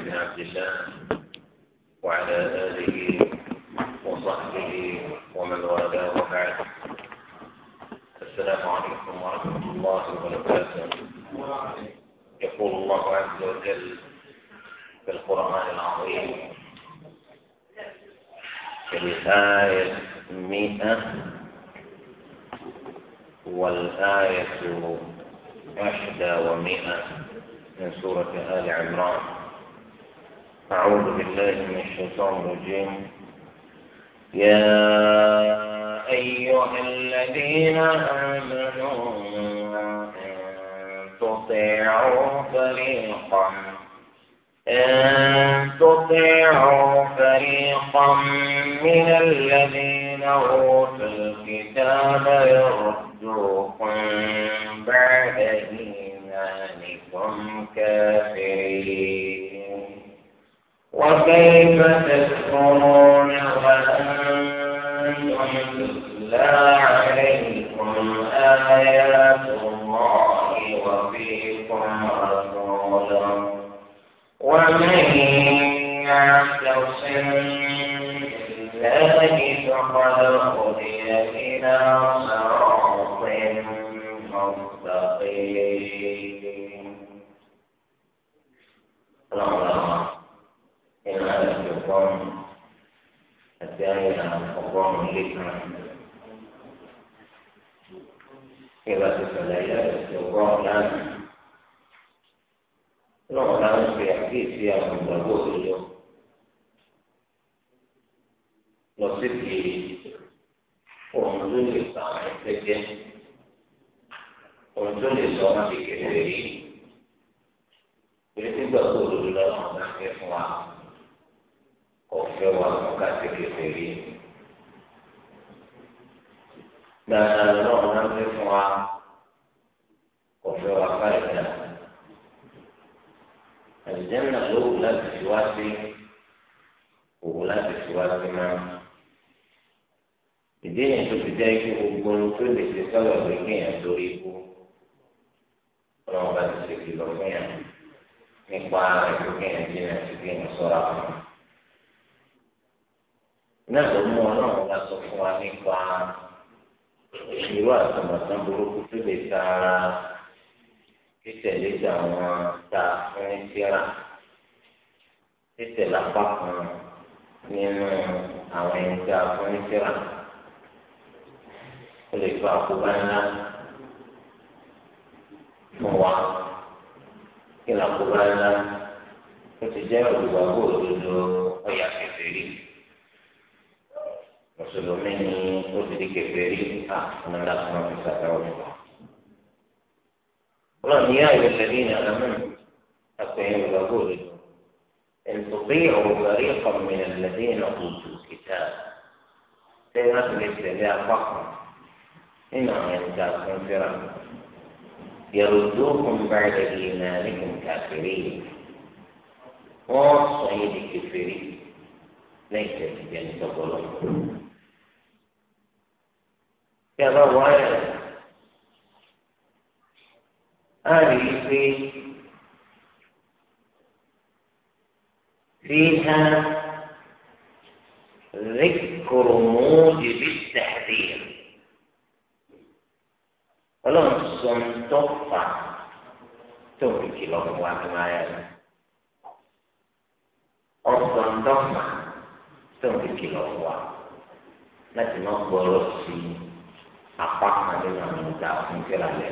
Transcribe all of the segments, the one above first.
بن عبد الله وعلى آله وصحبه ومن والاه وبعد السلام عليكم ورحمة الله وبركاته يقول الله عز وجل في القرآن العظيم في الآية مئة والآية إحدى ومئة من سورة آل عمران أعوذ بالله من الشيطان الرجيم يا أيها الذين آمنوا إن تطيعوا فريقا إن تطيعوا فريقا من الذين أوتوا الكتاب يردوكم بعد إيمانكم كافرين وكيف تشكرون وأنتم تتلى عليكم آيات الله وفيكم رسوله ومن يعتصم بالله فقد هدي إلى صراط ọgọ́rùn àti àyà ọgọ́rùn lẹ́kan ìgbà tó ṣàlàyé àti ọgọ́rùn láàbì lọ́wọ́ náà ń fi àkíyèsí àwọn ìgbàgbọ́ òṣèlú lọ sí ti ohun tó lè fa àwọn ẹgbẹ́ jẹ́ ohun tó lè sọ wọn di kékeré yìí èyí tí gbàgbọ́ òṣèlú lọ́wọ́ náà ń fi fún wa ọ̀fẹ́ wa ká ti kéde rí. Dáadáa lọ́wọ́ náà fẹ́ fún wa ọ̀fẹ́ wa ká ìdá. Àlùjẹ́nà ló wù láti fi wá sí òwú láti fi wá sí máa. Ìdí yẹn tó fi jẹ́ ikú gbogbo ohun tó lè ṣe sọ́wọ́ ìwé kéèyàn lórí ikú. Ọlọ́run bá ti ṣe kìlọ̀ fún yàn nípa ìwé kéèyàn jìnnà sí kéèyàn sọ́ra fún un náà ló mú ọlọ́run wá sọ fún wa nípa irú àtúmọ̀tán burúkú tó lè ta ara títẹ̀lé tí àwọn ta fún ìṣẹ́ra títẹ̀lé apá kan nínú àwọn ẹni tá a fún ìṣẹ́ra ó lè fa àkóbá ńlá fún wa kí ni àkóbá ńlá ó ti jẹ́ olùgbàgbọ́ òdodo ọ̀yà kẹfẹ́ rí mùsùlùmí ni ó ti di kékeré à ọmọ ńlá kan fi sàkáwọ́ mi wá. ọlọ́run ní ayọ̀ lẹ́bí ní alámọ́nù àpẹẹrẹ ìgbàgbọ́ rẹ̀ ẹ̀ǹtọ́bí ọ̀rọ̀gbàrí ọ̀kọ̀mí lẹ́bí ní ọ̀gbọ̀dù kìtà tẹ́ láti lè tẹ̀lé apá kan nínú àwọn ẹ̀ǹtà fún fẹ́ra yẹ̀rọ dókun bá ẹ̀dẹ̀gì náà ní kìkàkiri wọ́n sọ yìí di kékeré lẹ́yìn kí a bá wọ ayà á rí i pé fíhá ذكر موجب التحذير ولم تنتفع تنكي لهم وعلم آياته ọ̀sán dọ́gba tó ń kìlọ̀ wá láti má gbọ́rọ̀ sí i apá kan nínú àwọn ìta fún kíra lẹ.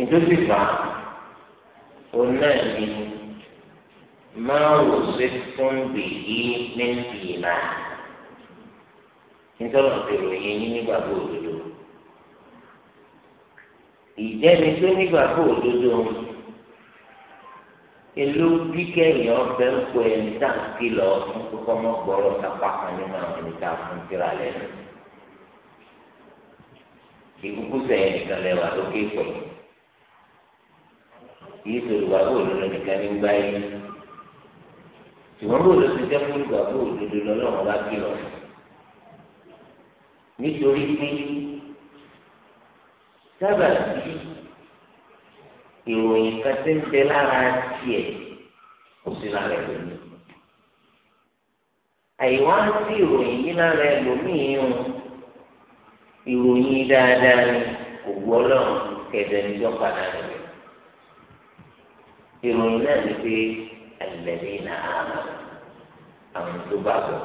ìdúsí fa òun náà ni máa wò sí fún bìyí ní ìlà nítorí ọ̀sẹ̀rò yẹn ní nígbàgbọ́ òdodo. ìjẹ́ni tó nígbàgbọ́ òdodo ìlú kíkẹ́yìn ọ̀fẹ́ ń pè ní táǹkì lọ fún kókó mọ́ gbọ́rọ̀ sápá kan nínú àwọn ìta fún kíra lẹ́nu ìkúkú sẹ́yìn nìkan lẹ́wà lókè pẹ̀ kìí sọ̀rọ̀ olùdó nìkan ní gbá yín ṣùgbọ́n bó ló ti jẹ́ fún ìgbàgbọ́ òdodo lọ́lọ́run bá kìlọ̀ nítorí pé sábà sí ìròyìn kan lára tiẹ̀ kò sí lára ẹlòmíì àìwá sí ìròyìn yìí lára ẹlòmíì ń ìròyìn dáadáa ni òwú ọlọ́run kẹ̀dẹ̀ níjọ́ padà rẹ̀ ìròyìn náà ni pé àlẹ́lẹ́ náà àmà àwọn tó bá bọ̀.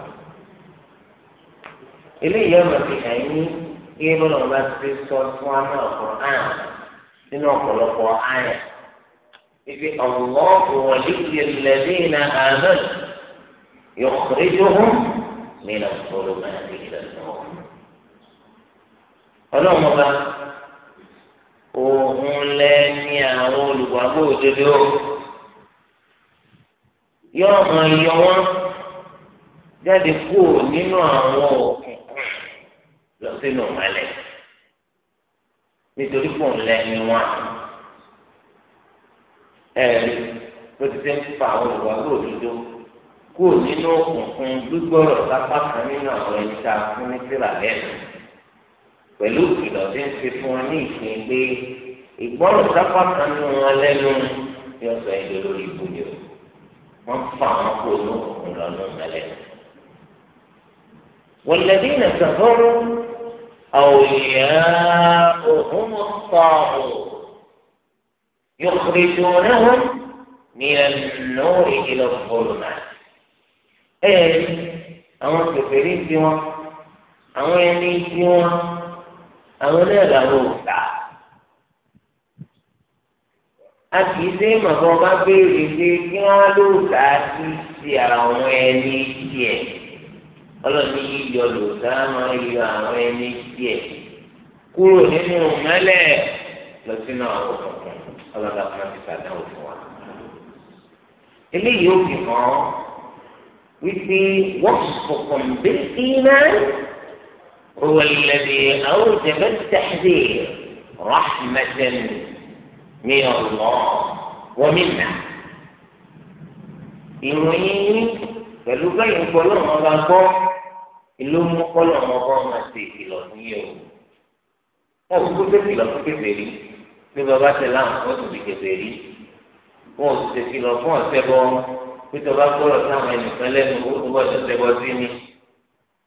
eléyìí ọ̀nà fi hàn ní kí bọ́lá bá ti sọ fún àmà ọ̀kan àn nínú ọ̀pọ̀lọpọ̀ àyà ibi ọ̀wọ́ òwòlí ìlẹ̀lẹ́ náà àmà yọ̀kùnrin tó hùn nínú ọ̀pọ̀lọpọ̀ àti ìlẹ̀lẹ́ náà ọlọ́run ọba òun lẹ́ni àwọn olùgbàgbọ́ òdodo yóò mọ iyọ wọn jáde kúrò nínú àwọn òkùnkùn lọ sínú ìmọ̀lẹ̀ nítorí kò ń lẹ́ni wọn ẹ̀rí ló ti fẹ́ fa àwọn olùgbàgbọ́ òdodo kúrò nínú òkùnkùn gbígbọ́rọ̀ sápá kan nínú àwọn ẹni tá a fún ní sílà lẹ́nu pẹ̀lú ìkìlọ̀ tí ń fi fún ọ ní ìpín pé ìgbọ́rọ̀ sápá kan nù wọn lẹ́nu bí wọ́n sọ èdè lórí ibú ni o wọ́n fa àwọn kó inú òkun lọ nù wọn lẹ́nu. والذين كفروا أولياؤهم الطاغوت يخرجونهم من النور إلى الظلمات إيه أما كفرين بهم أما يعني بهم àwọn náà làwọn ò gbà a kì í sẹ́yìn màmá ọba béèrè pé kí wọ́n ló gbà sí ti àwọn ẹni tiẹ̀ ọlọ́ni yíyọ lòdà máa yọ àwọn ẹni tiẹ̀ kúrò nínú mẹ́lẹ̀ lọ sínú àwọn ọlọ́dà kan ti wa. eléyìí ó fi hàn wípé wọ́n bẹ́ẹ̀ هو الذي أوجب التحذير رحمة من الله ومنا ìròyìn pẹ̀lú bẹ́yìn kọlọ́mọ bá gbọ́ ìlú mú kọlọ́mọ bá máa ṣe ìkìlọ̀ níyẹn o wọn ò kó ṣe ìkìlọ̀ fún kékeré bí bàbá tẹ láwọn fún ọ̀sùn bí kékeré wọn ò ṣe ìkìlọ̀ fún ọ̀sẹ̀ bọ́ pé tó bá gbọ́rọ̀ sáwọn ẹnìkan lẹ́nu ó tó bọ́ ṣẹ̀ṣẹ̀ bọ́ sí ni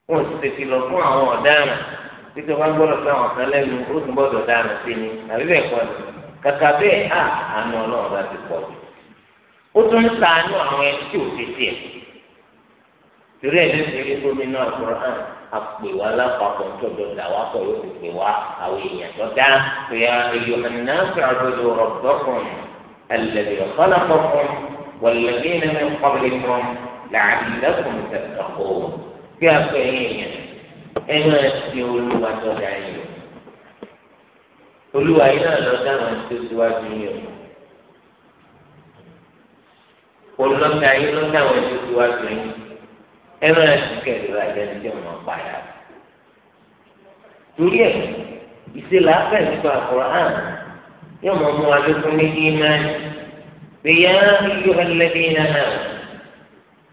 wọn ò sì tètè lọ fún àwọn ọ̀daràn títí wọn gbọ́dọ̀ fún àwọn kan lẹ́nu ó sì gbọ́dọ̀ dáná sí ni àbí bẹ́ẹ̀ kọ́ ni kàkà bẹ́ẹ̀ á àánú ọlọ́run bá ti pọ̀ jù ó tún ń sàánú àwọn ẹni tí ò tètè ẹ̀ torí ẹ̀ lẹ́sìn eré gómìnà àkùrọ̀ hàn àpè wa lápapọ̀ tó dọ̀dà wá pọ̀ yóò pè wá àwọn èèyàn tó dá pé ayò ẹ̀nà fẹ́ràn rọ̀gbọ́kùn ẹlẹ́dẹ̀ ọ̀kọ́lápọ̀kùn wọ̀lẹ́dẹ̀ kí afọ ẹ̀yìn yẹn ẹ máa ti olúwa tó dá yín o olúwa yín náà lọ dáhùn tó síwájú yín o olùlọ́ta yín lọ dáhùn tó síwájú yín ẹ máa ti kẹ̀lé rà lẹ́nu tí wọ́n pa yà torí ẹ̀ ìṣẹ̀lẹ̀ afẹ́ nípa àkùrọ̀ hàn yóò mú wa ní kí n máa ń pè yá iyọ̀ ẹlẹ́dẹ̀ẹ́ náà.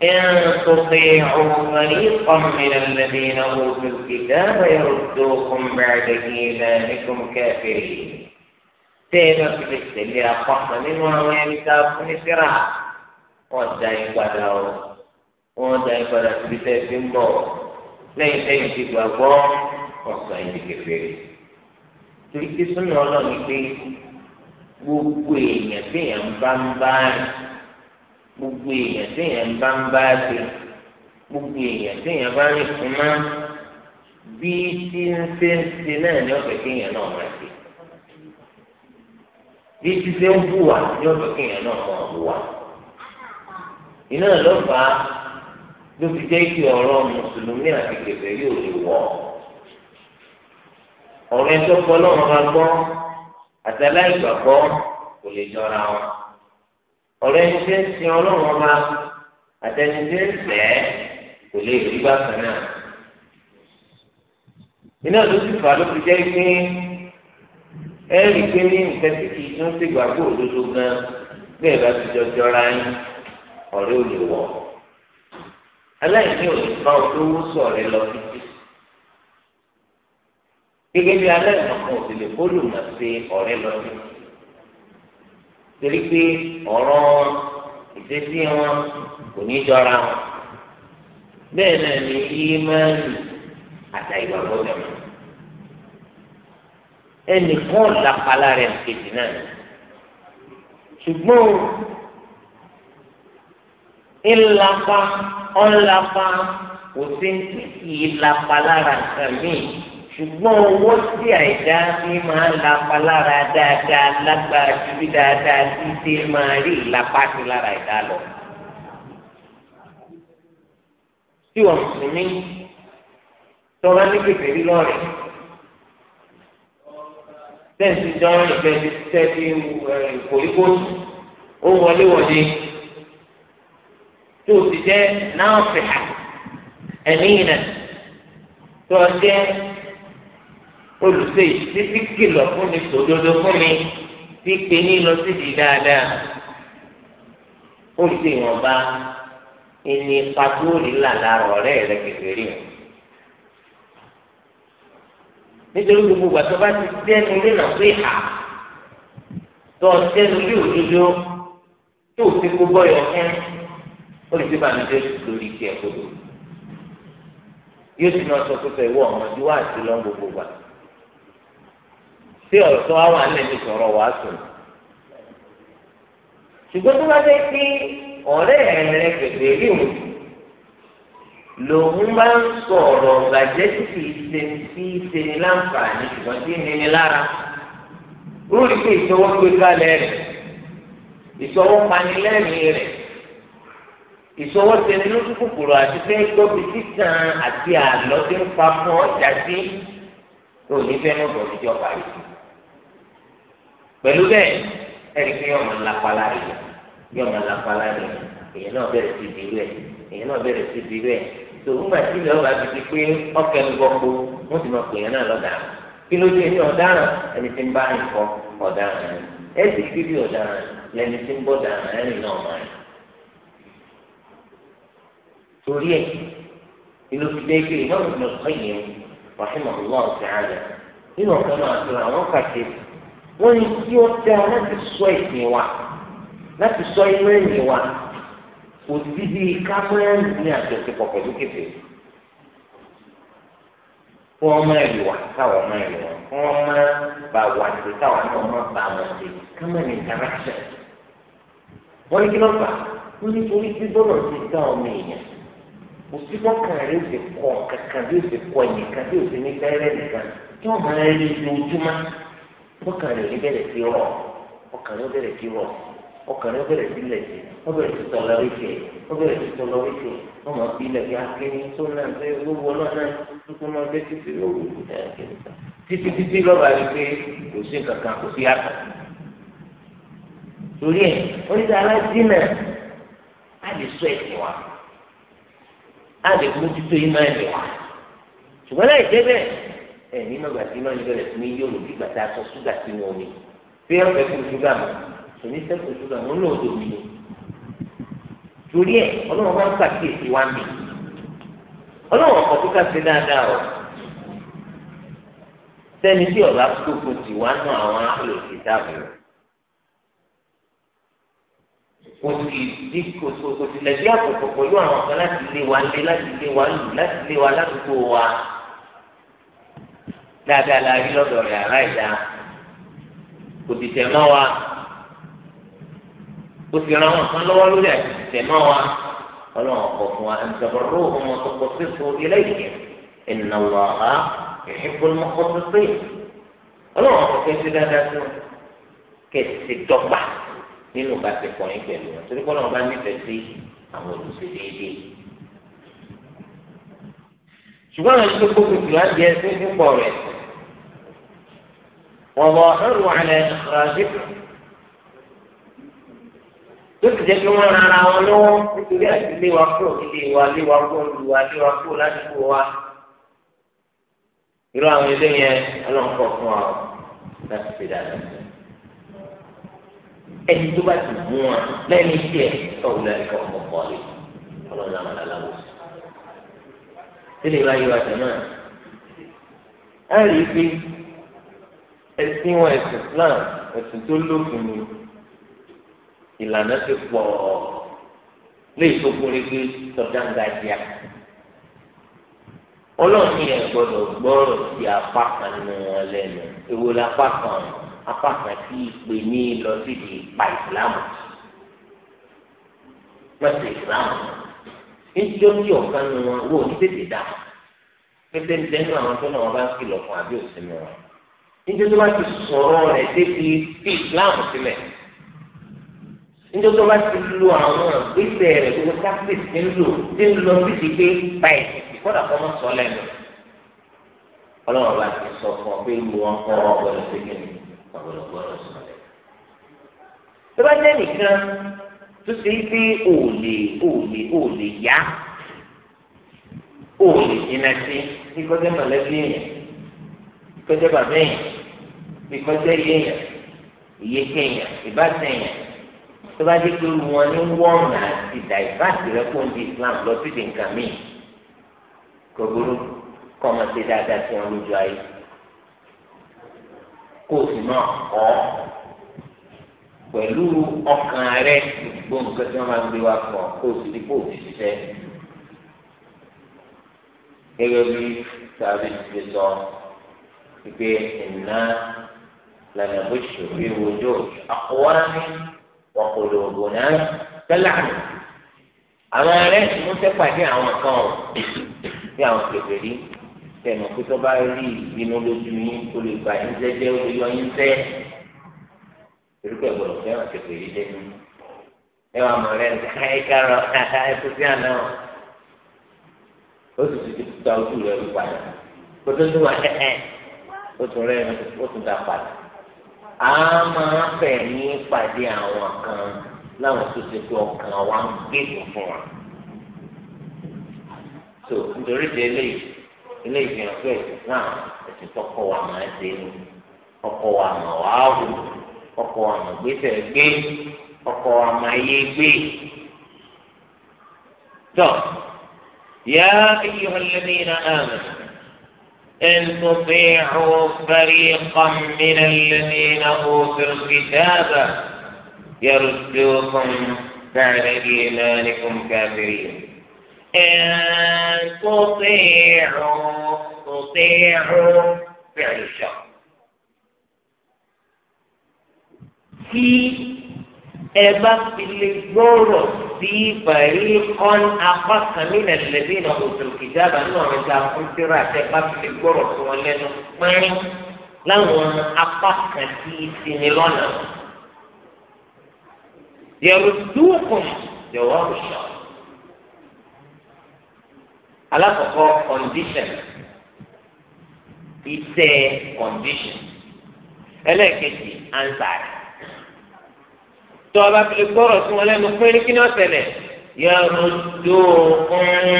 إن تطيعوا فريقا من الذين أوتوا الكتاب يردوكم بعد إيمانكم كافرين تيما في السلية قحنا من وين كافر سراء ودائم بدأوا ودائم بدأوا بسيف بو لين تيجي بابو وصائد كفرين تريد سنة الله نكي gbogbo èèyàn téèyàn bá ń gbogbo èèyàn téèyàn bá ń bá ṣe gbogbo èèyàn téèyàn bá ń fún mọ́ bí tí ń ṣe ń ṣe náà ní ọ̀fẹ́ kéèyàn náà máa ṣe bí tí ṣe ń hùwà ní ọ̀fẹ́ kéèyàn náà máa hùwà iná lọ́fà ló fi jẹ́ kí ọ̀rọ̀ mùsùlùmí àti kẹfẹ́ yóò lè wọ̀ ọ̀rọ̀ ẹjọ́ pọ̀ lọ́wọ́ bá gbọ́ àtàláìgbàgbọ́ kò lè jọra wọn ọ̀rọ̀ ẹni tí ń sin ọlọ́run ọba àtẹni tí ń fẹ́ kò lè rí bákan náà. iná ló ti fà ló fi jẹ́ pé ẹ rí i pé ní nǹkan tí kì í tún sí gbàgbọ́ òdodo gan bẹ́ẹ̀ bá ti jọ jọra yín ọ̀rẹ́ ò lè wọ̀. aláìní ò lè bá olówó sọ̀rẹ́ lọ títí. gẹ́gẹ́ bí aláìmọ̀kan ò sì kó lùmọ̀ sí ọ̀rẹ́ lọ títí torí pé ọ̀rọ̀ wọn ìṣesí wọn kò ní jọra wọn bẹ́ẹ̀ náà ni ìmánì àtà ìgbàgbọ́ jọ̀mọ́ ẹnìkan làpàlà rẹ̀ kejì náà ṣùgbọ́n ńlápa ńlápa kò sí ní ìlàpàlà rẹ̀ ṣùgbọ́n owó tí àìdá fi máa ń lapa lára dáadáa lágbára ju bí dáadáa sí ṣe máa rí ìlapa sí lára àìdá lọ. tí wọ́n mùsùlùmí tọ́lá ní kékeré lọ́rẹ̀ tẹ́ǹtì jọ́rìn ìfẹ́ǹtì tẹ́ǹtì ìkòríkó ó wọléwọ̀de tó ti jẹ́ náà fìhà ẹ̀mí ìnà tó jẹ́ olùṣe títí kìlọ̀ fún mi sòdodo fún mi tí pe ní lọ sídìí dáadáa olùṣe ìwọ̀nba ìní pàtóòrì làlá ọ̀rẹ́ rẹ kékeré o nítorí gbogbo ìgbà tó bá ti dẹnu lẹ́nà pé à tó ọ dẹnu lé òdodo tó o ti kó bọ́yọ̀ fún olùṣe bàmídé lórí kí ẹ kó lò yóò sì máa sọ pé ìwọ ọmọdé wà sí lọ gbogbo ìgbà tí ọ̀sán wa wà nílẹ̀ nípa ọ̀rọ̀ wa sùn. ṣùgbọ́n tó bá dé pé ọ̀rẹ́ ẹ̀rẹ́ pèpè rí òun lòun bá ń sọ ọ̀rọ̀ gbàjẹ́ tí kì í ṣe tí í ṣe ní láǹfààní ṣùgbọ́n tí ń ní lára. rúurì pé ìṣọwọ́ gbé kalẹ̀ rẹ̀ ìṣọwọ́ panilẹ́rìn rẹ̀ ìṣọwọ́ tẹni lójú kòkòrò àti fẹ́ gbọ́bi títàn àti àlọ́ tí ń pa fún ọjà sí òní fẹ́ mọ̀ bọ̀ níjọba yìí pẹ̀lú bẹ́ẹ̀ ẹ̀rí pé yọ̀ọ̀mọ̀ lápalá rẹ̀ yọ̀ọ̀mọ̀ lápalá rẹ̀ èyàn náà bẹ̀rẹ̀ sí di rẹ̀ èyàn náà bẹ̀rẹ̀ sí di rẹ̀ tó ń gbà tí ilẹ̀ ọ̀rọ̀ àti ti pé ọ̀kẹ́ ń gbọ́kú wọ́n ti máa pè yẹn náà lọ́dà kí ló dé ní ọ̀daràn ẹni tí ń bá yín kọ ọ̀daràn ẹni ẹ sì kí bí ọ̀daràn lẹni tí ń bọ̀ daràn ẹni náà máa yín. torí ẹ ìlú ti dé pé ìmọ̀ ìgbìmọ̀ kọ́ yẹn wàhíìmọ̀ ọlọ́ọ̀tì àlẹ́ nínú ọ̀kan náà àtúrà àwọn kàkiri wọ́n ní tí ó tẹ́ ọ láti sọ ìsìn wa láti sọ inú ẹ̀yìn wa kò sí bí kámẹ́rẹ́ǹ ní àjọṣepọ̀ pẹ̀lú kẹfẹ́ fún ọmọ ẹ̀lú wa káwọn ọmọ ẹ̀lú wa fún ọmọ bá wà sí káwọn ọmọ bá wà sí kámẹ́rẹ́ǹ interaction wọ́n ní kí ló fà wọ́n tí bọ́lọ̀ ti dá ọmọ èèyàn kò sí bọ́kàn rẹ̀ ó ti kọ̀ kankan bí ó ti kọ̀ ẹ̀yìn kan bí ó ti ní fẹ́rẹ́ nìkan tí wọ́n máa ń rí ọkàn rẹ̀ bẹ̀rẹ̀ sí rọ̀ ọkàn rẹ̀ sí rọ̀ ọkàn rẹ̀ sí lẹ̀ sí wọ́n sí tọ̀lọ̀ wíkẹ̀ wọ́n sí tọ̀lọ̀ wíkẹ̀ wọ́n máa ilẹ̀ fi akéwì tó náà ṣe gbogbo náà náà tuntun náà bẹ́ẹ̀ títí lóru títí títí lọ́ba rí pé kò sí kankan kò sí àtà torí ẹ̀ oníṣẹ́ aládínà á lè sọ ẹ̀sìn wa á lè mójútó ìmọ̀ ẹ̀ ẹ nínú ìgbà tí náà níbẹ̀rẹ̀ sí ní yóò lòdì ìgbà tá a sọ ṣúgà sínú omi bí wọ́n fẹ́ kú ṣúgà mọ́ èmi fẹ́ kú ṣúgà mọ́ ní òdò mi ni torí ẹ ọlọ́wọ́n bá ń pàkíyèsí wá mi ọlọ́wọ́n kọ̀ tó ká ṣe dáadáa o sẹ́ni tí ọ̀gá gbogbo tì wá náà àwọn àlòkè dáàbò kò sì di kò sì lẹ̀ sí àkókò pẹ̀lú àwọn kan láti lé wa lé láti lé wa lù láti lé wa ládùúgbò wa dáadáa la rí lọ́dọ̀ rẹ̀ aláìda kò sì tẹ̀ mọ́ wa kò sì ran wọn kan lọ́wọ́ lórí àti sì tẹ̀ mọ́ wa ọlọ́run ọkọ̀ fún wa ẹni sọ̀rọ̀ ró ọmọ sọ̀kọ̀ sí fún ilé ìgbẹ́ ẹ̀nà wà á ìṣẹ́kùn mọ́kọ́ tó pé ọlọ́run ọkọ̀ kẹ́sí dáadáa sí wọn kẹ́sí dọ́gba nínú ìbáṣepọ̀ yín pẹ̀lú wọn torí kọ́ lọ́run bá nífẹ̀ẹ́ sí àwọn olùsè déédéé ṣùgbọ́n àwọn ìṣẹ́kùn kìlá jẹ́ sí púpọ̀ rẹ̀ وظاهره على إخراجكم lókè jẹ́ kí wọ́n rárá wọn lọ́wọ́ nítorí àti lé wa kúrò nílé wa lé wa kúrò nílé wa lé wa kúrò ládùúgbò wa. irú àwọn ilé yẹn ọlọ́nkọ̀ fún wa láti fi dáadáa. ẹni tó bá ti mú wa lẹ́ni tiẹ̀ tọ́wọ́ lẹ́ni kọ́ ọmọ bọ́ọ̀lì ọlọ́run làwọn aláwọ̀ sí. sílẹ̀ ìwà yìí wa tẹ̀ náà. a rí i pé ẹ̀sìn wọn ẹ̀sìn Islam ẹ̀sìn tó lókun ni ìlànà ti pọ̀ léyìí tó kúrẹ́ pé tọ́jà ń ga díà ọlọ́run ní ẹ̀gbọ́dọ̀ gbọ́rọ̀ sí apá kan nù wọn lẹ́nu èwo la apá kan apá kan tí ìpè ní lọ síbi ìpa ìsìlámù mọ́tò ìsìlámù nítorí ọ̀kan nù wọn wò ní tètè dà pété ń tẹnu àwọn tó náà wọn bá ń kìlọ̀ fún àbí òsínú wọn níjọ́ tó bá ti sọ̀rọ̀ rẹ̀ débi bí islam sílẹ̀ níjọ́ tó bá ti lo àwọn ìgbésẹ̀ rẹ̀ gbogbo tactics ti ń lò ti ń lọ sí ti gbé báyìí ìkọ́dà kọ́ mọ́ sọ lẹ́nu ọlọ́run bá ti sọ fún ọ pé lu wọn kọ́ ọ gbọ́dọ̀ sí kí ni ọ̀gbọ́dọ̀ gbọ́dọ̀ sọ lẹ̀. tó bá jẹ́ nìkan tó ṣe é pé òòlè òòlè òòlè yá òòlè ìnàtí ní kọjá mọ̀lẹ́bí yẹn kọjá bàbá yẹn ìfọsẹ yéèyàn iye kéèyàn ìbátẹyàn tó bá dé pé wọn ní wọ́ọ̀nù àti dàìbáàsì rẹ kó ń di Islam lọ sí di nǹkan míì kò burú kọ́ ọmọ ṣe dáadáa sí wọn lójú ayé kó o sì máa kọ́ ọ pẹ̀lú ọkàn rẹ gbogbo nǹkan tí wọ́n máa ń gbé wá fún ọ kó o sì rí kó o sì ṣiṣẹ́ gẹ́gẹ́ bí sáré ti sọ pé ìná. لنبش في وجوه أقوام وقلوبنا تلعن àwọn ará ẹsùn ń tẹpàdé àwọn kan ọ bí àwọn kékeré tẹnu pé tó bá rí ìbínú lójú yín ó lè gbà yín jẹjẹ ó lè yọ yín sẹ irúgbẹ gbọ́dọ̀ fẹ́ràn kékeré lẹ́nu ẹ wà mọ rẹ ẹ kárọ ẹ tó sí àná ó sì ti da ojú rẹ rú padà kó tó tún wà ẹ ẹ ó tún rẹ ó tún da padà a máa fẹ̀ ní pàdé àwọn kan láwọn tó ṣe pé ọkàn wa ń gbé fún wa. tó nítorí ti eléyìí ilé ìfihàn pé islam ẹ̀sìn tọkọ wa máa ṣe ni ọkọ wa mà wá hù ọkọ wa mà gbèsè gbé ọkọ wa mà yé gbé. tó yá ayyuhal ladina amanu. إن تطيعوا فريقا من الذين أوتوا الكتاب يردوكم بعد إيمانكم كافرين إن تطيعوا تطيعوا فعل الشر في أبقى الجورس sí fàyè kọ́n apá kan nínú ẹ̀lẹ́bí náà òṣèlú kìjáàbá nínú àwọn ẹja fúnṣẹ́rẹ́ àti ẹ̀bá fi gbọ́rọ̀ sí wọn lẹ́nu pẹ́ẹ́n láwọn apá kan sí ìsinmi lọ́nà. yẹ̀rù dúkùn jọ̀wọ́ òṣọ. alákọ̀ọ́kọ́ condition iṣẹ́ condition ẹlẹ́ẹ̀kejì answer. tó o bá fi lè gbọ́rọ̀ sí wọn lẹ́nu pé kí ni wọ́n ṣẹlẹ̀. يردوكم ni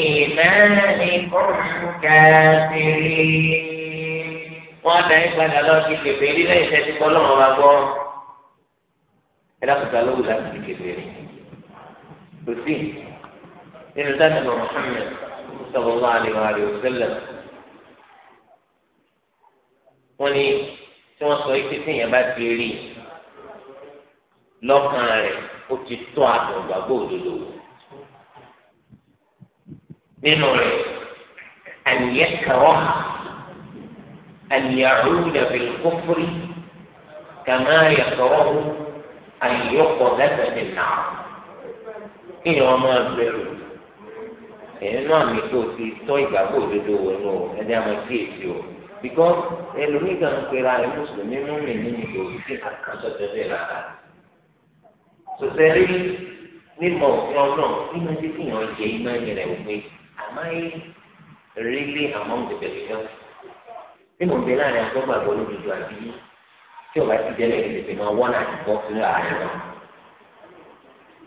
إيمانكم kẹ́sìrì. wọ́n da yín padà lọ sí kèfèrí lẹ́yìn iṣẹ́ tí kọ́lọ́mù bá gbọ́ ẹ dákúta lówó láti fi kèfèrí kò sí nínú sátìmọ̀ Muhammad sallallahu ní wà wa sallam wọ́n ní tí wọ́n sọ ike tí ìyẹn bá ti won so ike yen ba ti ri i. lọ́kàn rẹ̀ ó ti tọ́ àgbàgbọ́ òdodo wò nínú rẹ̀ àníyẹ kàwọ́ àníyẹ àrùdà bẹ̀rẹ̀ kófúrí kàmá yẹ kàwọ́ àníyẹ kọ̀ lẹ́sẹ̀ ní nà kí ni wọ́n máa bẹ̀rù èyí náà tó ti tọ́ ìgbàgbọ́ òdodo wò nù ẹni àwọn kí èsì o because ẹlòmíì kan pera ẹ mùsùlùmí mú mi nínú ìdòwò sí kàkà sọ́jọ́ bẹ́ẹ̀ sọsẹ rí mímọ̀ òfin Ọlọ́run nínú tí kìyàn jẹ iná yẹrẹ òpin àmọ́ ẹ rílé àmọ́ ń bẹbẹ fi náà nínú ìgbé láàrin àtọgbà àgbọ olódodo àbí tí ọba ti jẹ lẹ́yìn tètè máa wọ́n àti bọ́ sínú àárín náà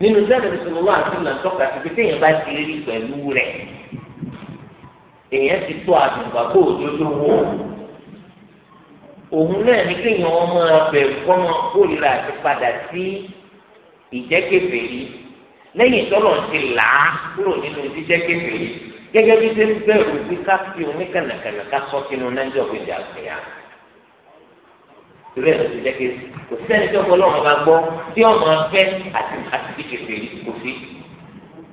nínú sẹ́ẹ̀dẹ̀ bísọ̀rọ̀ wà sí ìlànà tọ́ka sí pé téèyàn bá ti rí pẹ̀lú rẹ̀ èèyàn ti tó àtùnfà kó òdodo wò òun náà ní kéèyàn ọmọ abẹ kọ́mọ kórìíra àti padà sí ìjẹ́ kèfèrí lẹ́yìn tọ́lọ̀ ti là á kúrò nínú jíjẹ́ kèfèrí gẹ́gẹ́ bí ṣe ń bẹ̀rù bí ká fi oníkànnàkànnà ká sọ sínú náírà òkèjà àgbẹ̀yà torí ẹ̀ ló ti jẹ́ kí kò sẹ́ni tí ọmọ ọlọ́run bá gbọ́ tí ọmọ afẹ́ àti àti bí kèfèrí kò sí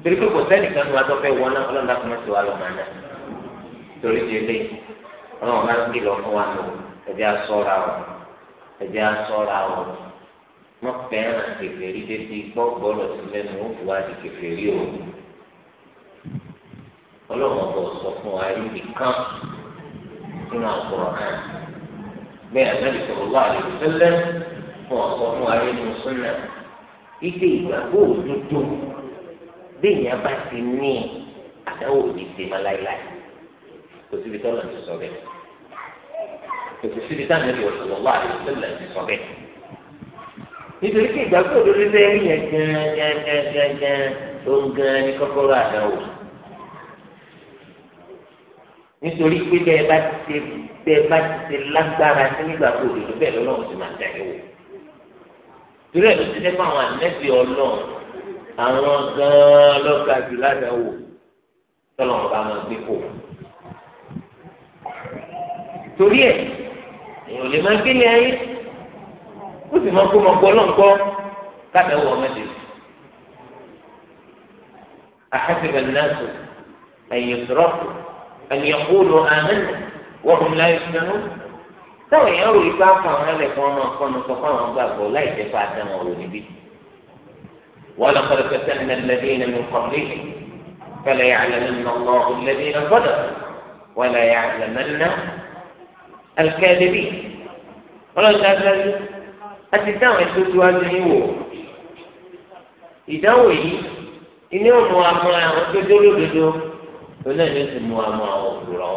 torí pé kò sẹ́ni kan tó wá tó náà ọlọ́run wọn fẹ́ràn kẹfẹẹrí débi gbọgbọlọ sí lẹ́nu wọn fi wá di kẹfẹẹrí o Ọlọ́run ọbọ sọ fún wa rí nìkan nínú àkùrọ hàn bẹ́ẹ̀ ànábì sọ̀rọ̀ wà lórí tẹ́lẹ̀ fún ọsọ fún wa rí nínú súnà ike ìgbàgbọ́ òdodo bẹ́ẹ̀ yẹn bá ti ní àdáwò ní tèmá láéláé kò síbi tọ́lọ̀ ti sọ bẹ́ẹ̀ kò síbi táwọn ẹ̀dẹ̀ ọ̀sọ̀rọ̀ wà lórí tẹ́lẹ̀ ti sọ bẹ́ẹ̀ nítorí kí ìgbàgbọ́ òdodo lé ní yẹn gángangangan tó ń gan ní kọ́kọ́rọ́ àdáwò nítorí pé bẹ́ẹ̀ bá ti ṣe bẹ́ẹ̀ bá ti ṣe lágbára sí nígbàgbọ́ òdodo bẹ́ẹ̀ lọ́nà òsì máa dà yẹ̀wò torí ẹ̀ ló ti dẹ́pọ̀ àwọn àmẹ́bí ọlọ́run àwọn gan-an lọ́ka jù ládàáwò tọ́lọ́mọba máa gbé kó torí ẹ̀ èèyàn lè máa gbélé ayé. ó sì máa kó máa gbọ́ náà gbọ́ káàdà wọ ọmọdé àhásìbẹ̀ nàásù ẹ̀yìn sọ̀rọ̀kù ẹ̀yìn kúlù àhánà wọ́n fún mi láyé sinú táwọn èèyàn rò ipá fún àwọn ẹlẹ́kọ̀ọ́ ọmọ akọ́nu sọ fún àwọn gbàgbọ́ láì jẹ́ fún àdáwọn ọ̀rọ̀ níbí wọ́n lọ kọ́lọ́ pẹ̀sẹ́ ní ẹlẹ́dẹ́yìn ní kọ́lé fẹlẹ̀ yàlẹ́nu nọ́ọ́ ọ̀lẹ́dẹ́yìn gbọ́dọ̀ wọ́n lọ yàlẹ́nu ẹlẹ́kẹ́lẹ́bí ọlọ́dún a ti dá àwọn ètò síwájú yín wò ìdánwò yìí ilé òmù àmọ́ àwọn tó dólódodo tó náà ní ìsìn mú àmọ́ àwọn òkúrọ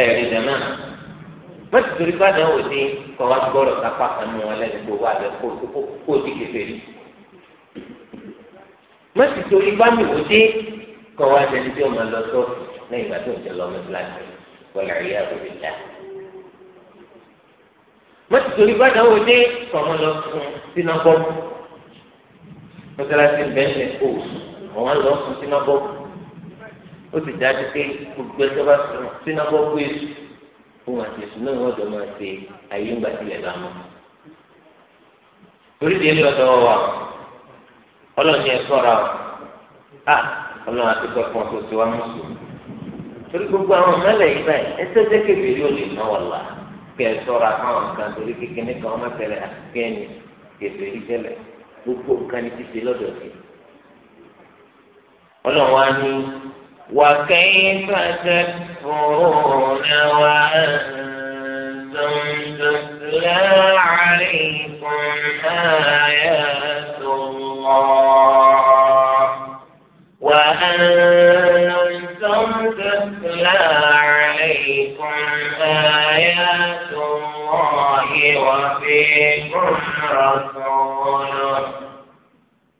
ẹẹrí dáná wọn ti torí gbàdán wò ní kọ wá gbọ́dọ̀ kápá kan mú wọn lẹ́nu gbogbo àbẹ kó kó ti kéfé rí wọn ti torí bá wò dé kọ jẹni tí o máa lọ sọ lẹ́yìn ìgbà tó ń jẹ lọ mẹsàlásì wọlé àríyá rẹ bìí mọ́tò torí gbàdá wo dé kọ̀mọ́ lọ fún sinagogu mọ́tàlásí bẹ́ẹ̀ kó wọ́n wá lọ fún sinagogu ó sì dájú pé gbogbo ẹjọ́ bá sọ sinagogu èso fún àti èso náà wọ́n jọ máa ṣe ayé ńgbà tilẹ̀ lámú. torí di ẹni ọ̀dọ́ wa ọlọ́ọ̀ni ẹ̀ sọ́ra o a ọlọ́ọ̀ni àti pẹ̀pọ̀ tó ti wá mú sùn torí gbogbo àwọn mẹ́lẹ̀ yìí báyìí ẹsẹ̀ jẹ́ kébìrì ò lè ná wọ̀ láà kẹ ẹ ṣọ́ra fáwọn kan torí kékeré kan ọmọ tẹlẹ àtikẹ́ni kẹfẹ́ rí tẹlẹ gbogbo nǹkan ní títí lọ́dọ̀ sí. ọlọ́run wa ní wà kẹ́yìn fàṣẹ fòrò náà wà tòǹtòǹtòlá àríkùn ààyè tó lọ. وأنتم تتلى وفيكم رسول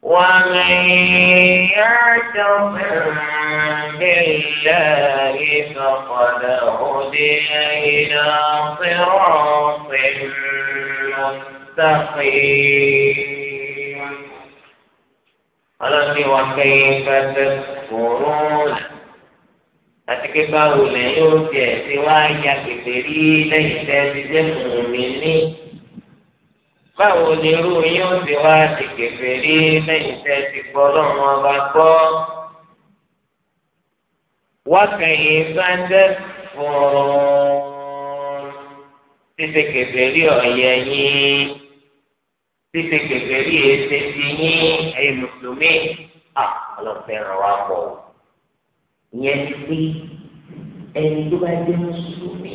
ومن يعتصم بالله فقد هدي إلى صراط مستقيم قال وكيف تذكرون àti pé báwo lẹ́yìn oúnjẹ ẹ̀sìn wá ya pèpè rí lẹ́yìn tẹ́lẹ̀ jẹ́ mùmí ní. báwo ni irú yín ó ti wá ti pèpè rí lẹ́yìn tẹ́lẹ̀ gbọ́ lọ́rùn ọba gbọ́. wákàyìn bá ń dẹ́ fún títí pèpè rí ọ̀yẹ́ yín títí pèpè rí èsì yín ẹ̀yin mùsùlùmí. ọlọ́fẹ́ ràn wá pọ̀ o ìyẹn ti pé ẹni tó bá jẹ́ mùsùlùmí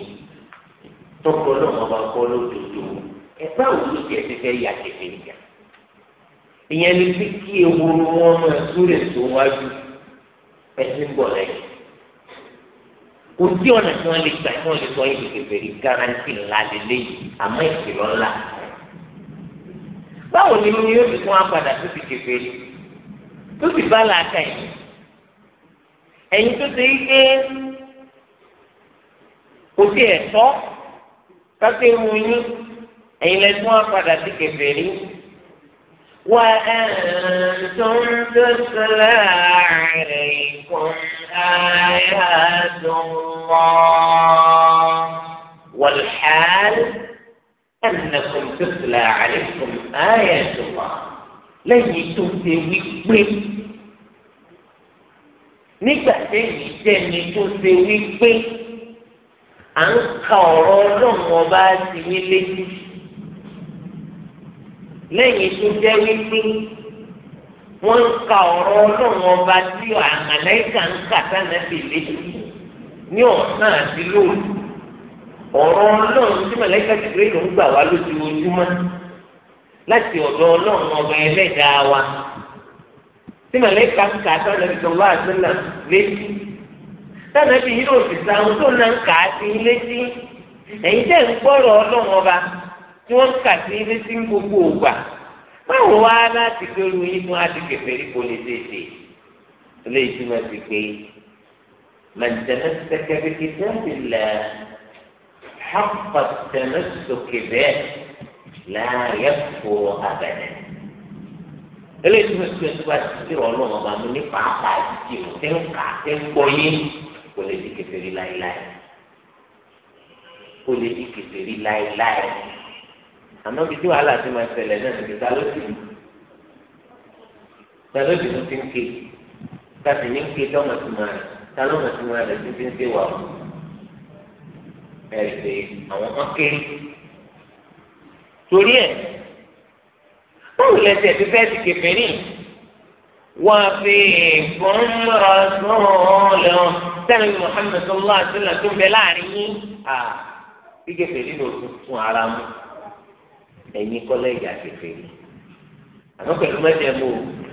tọkọ lọ́wọ́ bá kọ́ lódodo ẹgbẹ́ òwúrọ̀ tiẹ̀ ti fẹ́ yà kẹfẹ́ yà ìyẹn ti pé kí ehoro wọn máa súrè tó wájú ẹtí ń bọ̀ lẹ́yìn kò sí ọ̀nà tí wọ́n lè gbà tí wọ́n lè sọ yìí kẹfẹ́ rí garanti ńlá lélẹ́yìí àmọ́ ìkìlọ̀ ńlá báwo ni mo yóò fi fún wa tó fi kẹfẹ́ rí tó fi bá làákà yìí ẹ̀yin tó ṣe é pé kò sí ẹ̀tọ́ kápẹ́ mu yín ẹ̀yin lẹ́tún wá padà sí kèfèrí. وأنتم تتلى عليكم آيات الله والحال أنكم تتلى عليكم آيات الله لن تبدي ويكبر nígbà téèyàn jẹ́ ni tó ṣe wípé à ń ka ọ̀rọ̀ ọlọ́run ọba ti yín létí lẹ́yìn tó jẹ́ wípé wọ́n ń ka ọ̀rọ̀ ọlọ́run ọba tí àmàlẹ́kà ń kà sánà sí létí ní ọ̀sán àti lóru ọ̀rọ̀ ọlọ́run tí màlẹ́kà ti gbé ló ń gbà wá lójoojúmọ́ láti ọ̀dọ̀ ọlọ́run ọba ẹlẹ́dàá wa tí màlẹ́kà ń kà sá nàbí sọ̀rọ̀ wá àgbẹ̀là létí sànàbí yìí ló sì sàwọn tó nà ń kà á sí létí ẹ̀yin tẹ̀ ń gbọ́rọ̀ ọlọ́run ọba tí wọ́n ń kà sí létí gbogbo ògbà báwo wá láti gbèrú yín fún adìgbèfẹ́ rí kò lè tètè eléyìí tí wọ́n ti pé màjẹ̀mẹ́ sẹ́kẹ́rẹ́kẹ́ sẹ́ńtì lẹ̀ hàpàtẹ̀mẹ́sọ̀kẹ́ bẹ́ẹ̀ láàyè fún abẹ́rẹ́ eléyìí tó ti ẹtú bá ti rọ ọlọ́run ọba mi ní pàápàá ìdíje o ti ń kà ti ń gbọ́ yín kò lè di kèfèrí láéláé kò lè di kèfèrí láéláé àmọ́ bí tí wàhálà ti máa ṣẹlẹ̀ náà níbi ta ló ti mú ta ló ti mú ti ń ké ta sì ní ń ké tọ́mọ ti máa rẹ̀ ta ló mọ̀ ti máa rẹ̀ ti ń ṣe wà ó ẹ̀rì pé àwọn kan torí ẹ̀ báwo lẹsẹ̀ tó fẹ́ ti kẹfẹ́rì wà fi ìfúnra sọ́ọ̀lọ́ sẹ́ni Muhammad sallallahu alaihi wasallam tó ń bẹ láàrin yín à bí kẹfẹ́rì ló tún fún ara mu ẹ̀yin kọ́lẹ́ẹ̀jì àkẹfẹ́rì àmọ́ pẹ̀lú mẹ́tẹ̀ẹ̀mú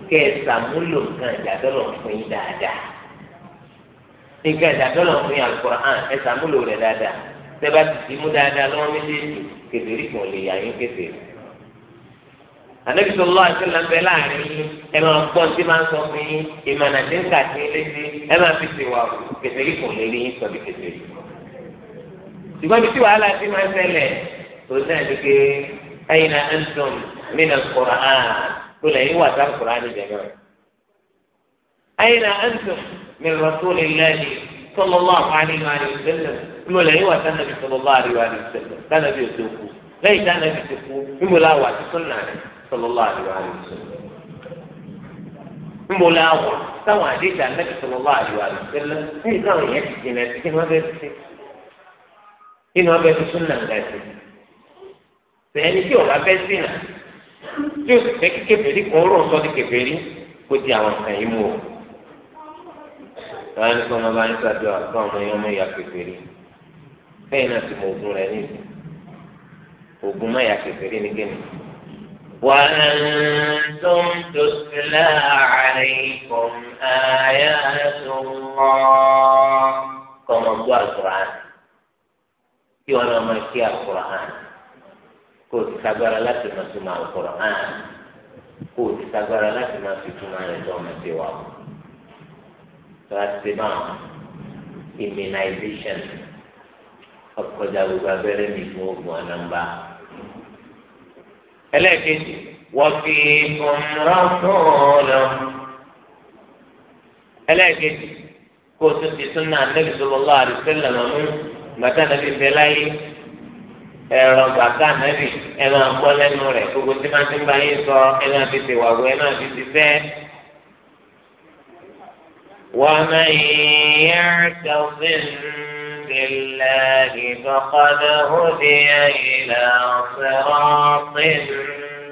kẹ́ ẹ sàmúlò nǹkan ìdádọ́lọ̀ fún yín dáadáa nǹkan ìdádọ́lọ̀ fún yín Al-Qur'an ẹ sàmúlò rẹ̀ dáadáa tẹ́ bá ti dìímú dáadáa lọ́wọ́ anabi sọlọ àti lẹbẹ láàrin ẹ máa gbọ́ tí máa ń sọ fún yín ìmọ̀nà tí ń kà sí létí ẹ máa fi ṣèwà kẹsẹ̀rí kò lè rí yín sọ̀bi kẹsẹ̀rí. ṣùgbọ́n ibi tí wàhálà ti máa ń ṣẹlẹ̀ tó náà ni pé ẹyin náà ń dùn mí nà kọ̀ọ̀rọ̀ hàn tó lẹ̀ yín wà sá kọ̀ọ̀rọ̀ hàn jẹ̀ náà. ẹyin náà ń dùn mí rọ̀tún lẹ́yìn sọlọ lọ́wọ́ àríwá àríwá sẹ́lẹ̀ mo lẹ̀ yín wà sá sallallahu alaihi wasallam nbola awọ táwọn àdéhùn anábì sallallahu alaihi wasallam ní o وأنتم تتلى عليكم آيات الله كما هو القرآن يوانا ما كي القرآن كنت كبر لك ما سمع القرآن كنت كبر لك ما سمع القرآن سوى فاستماع immunization ọkọjà gbogbo abẹ́rẹ́ mi fún oògùn ẹlẹ́ẹ̀kejì wọ́pì kùnrọ́tòlọ́ ẹlẹ́ẹ̀kejì kó o tún ti tún náà nẹ́bí sọlọ́lá àdìsẹ́lẹ̀ lọ́mú gbàtà nàbí bẹ́láyé ẹ̀rọ gbàtà nàbí ẹ̀ máa gbọ́ lẹ́nu rẹ̀ gbogbo tí máa ti ń bá yín sọ ẹ̀ máa fi ti wàwọ́ ẹ̀ máa fi ti fẹ́. wọ́n máa ń yẹ́ ẹ̀rọ بالله فقد هدي إلى صراط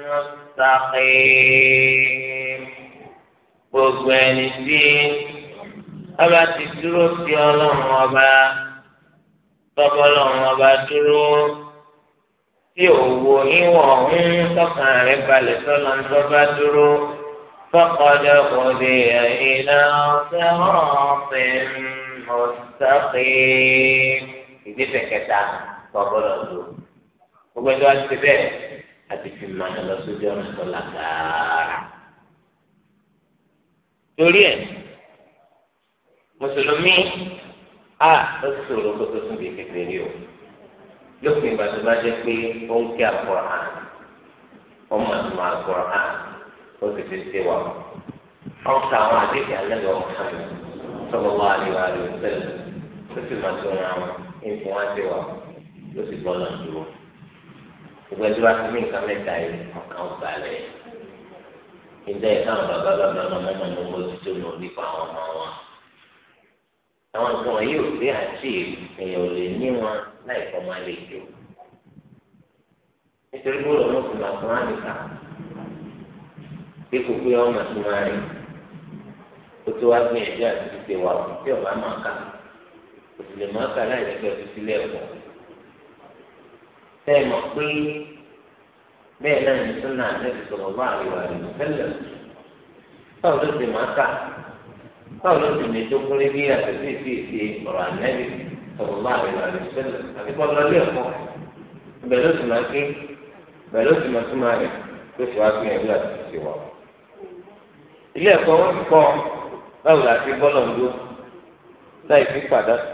مستقيم gbogbo ẹni tí ọba ti dúró sí ọlọ́run ọba tọ́kọ́ ọlọ́run ọba dúró tí òwò ìwọ̀n ń tọkàn rẹ̀ balẹ̀ sọ́lọ́ ń tọ́ba dúró. فقد هدي إلى صراط mustaqim ìgbésẹ̀ kẹta gbọ́gbọ́dọ̀ lò gbogbo ẹjọ́ àti ti bẹ́ẹ̀ àti fi mànà lọ sójú ọ̀nà tó lágbára. torí ẹ̀ mùsùlùmí a ló sòrò kó tó tún bèbè bèrè o lópin ìgbà tó bá jẹ́ pé ó ń kí Al-Qur'an ó mọ̀ tó máa Al-Qur'an ó sì fi ṣe wà ó àwọn àdéhùn alẹ́ lọ́wọ́ sọ́yìn sallallahu alaihi wa sallam tó sì máa tó wọn àwọn ìfún wa ṣe wà ló sì bọ́ náà dúró gbogbo ẹjọ́ wa ti ní nǹkan mẹ́ta yìí ọ̀kan balẹ̀ ìdá ìtàn bàbá bàbá màmá màmá mo ti tó lò nípa àwọn ọmọ wọn àwọn nǹkan wọ̀nyí ò sí àti èèyàn ò lè ní wọn láì fọ́ máa lè jò nítorí bó lọ́mọ́ fún màtún á nìkan bí kò pé ọmọ tó máa rìn ó ti wá gbìyànjú àti tètè wà ó tí ọba máa kà kò sì lè máa kà láì lẹ́gbẹ̀ẹ́ fi sílẹ̀ ẹ̀kọ́. bẹ́ẹ̀ mọ̀ pé bẹ́ẹ̀ náà ní súnà àti sọ̀rọ̀ bá àríwá rẹ̀ tẹ́lẹ̀ báwo ló ti máa kà báwo ló ti mètò kúrẹ́ bí àtẹ̀sí ìfi ìfi ọ̀rọ̀ ànẹ́bí sọ̀rọ̀ bá àríwá rẹ̀ tẹ́lẹ̀ àti kọ́ lọ́lé ẹ̀kọ́ bẹ́ẹ̀ ló ti máa ké bẹ́ẹ̀ ló ti máa túmọ̀ rẹ̀ tó fi wá gbìyànjú àti tètè wà. ilé ẹ̀kọ́ wọn kọ́ báwo la fi bọ́lọ̀ ń dó láì fi pàdánù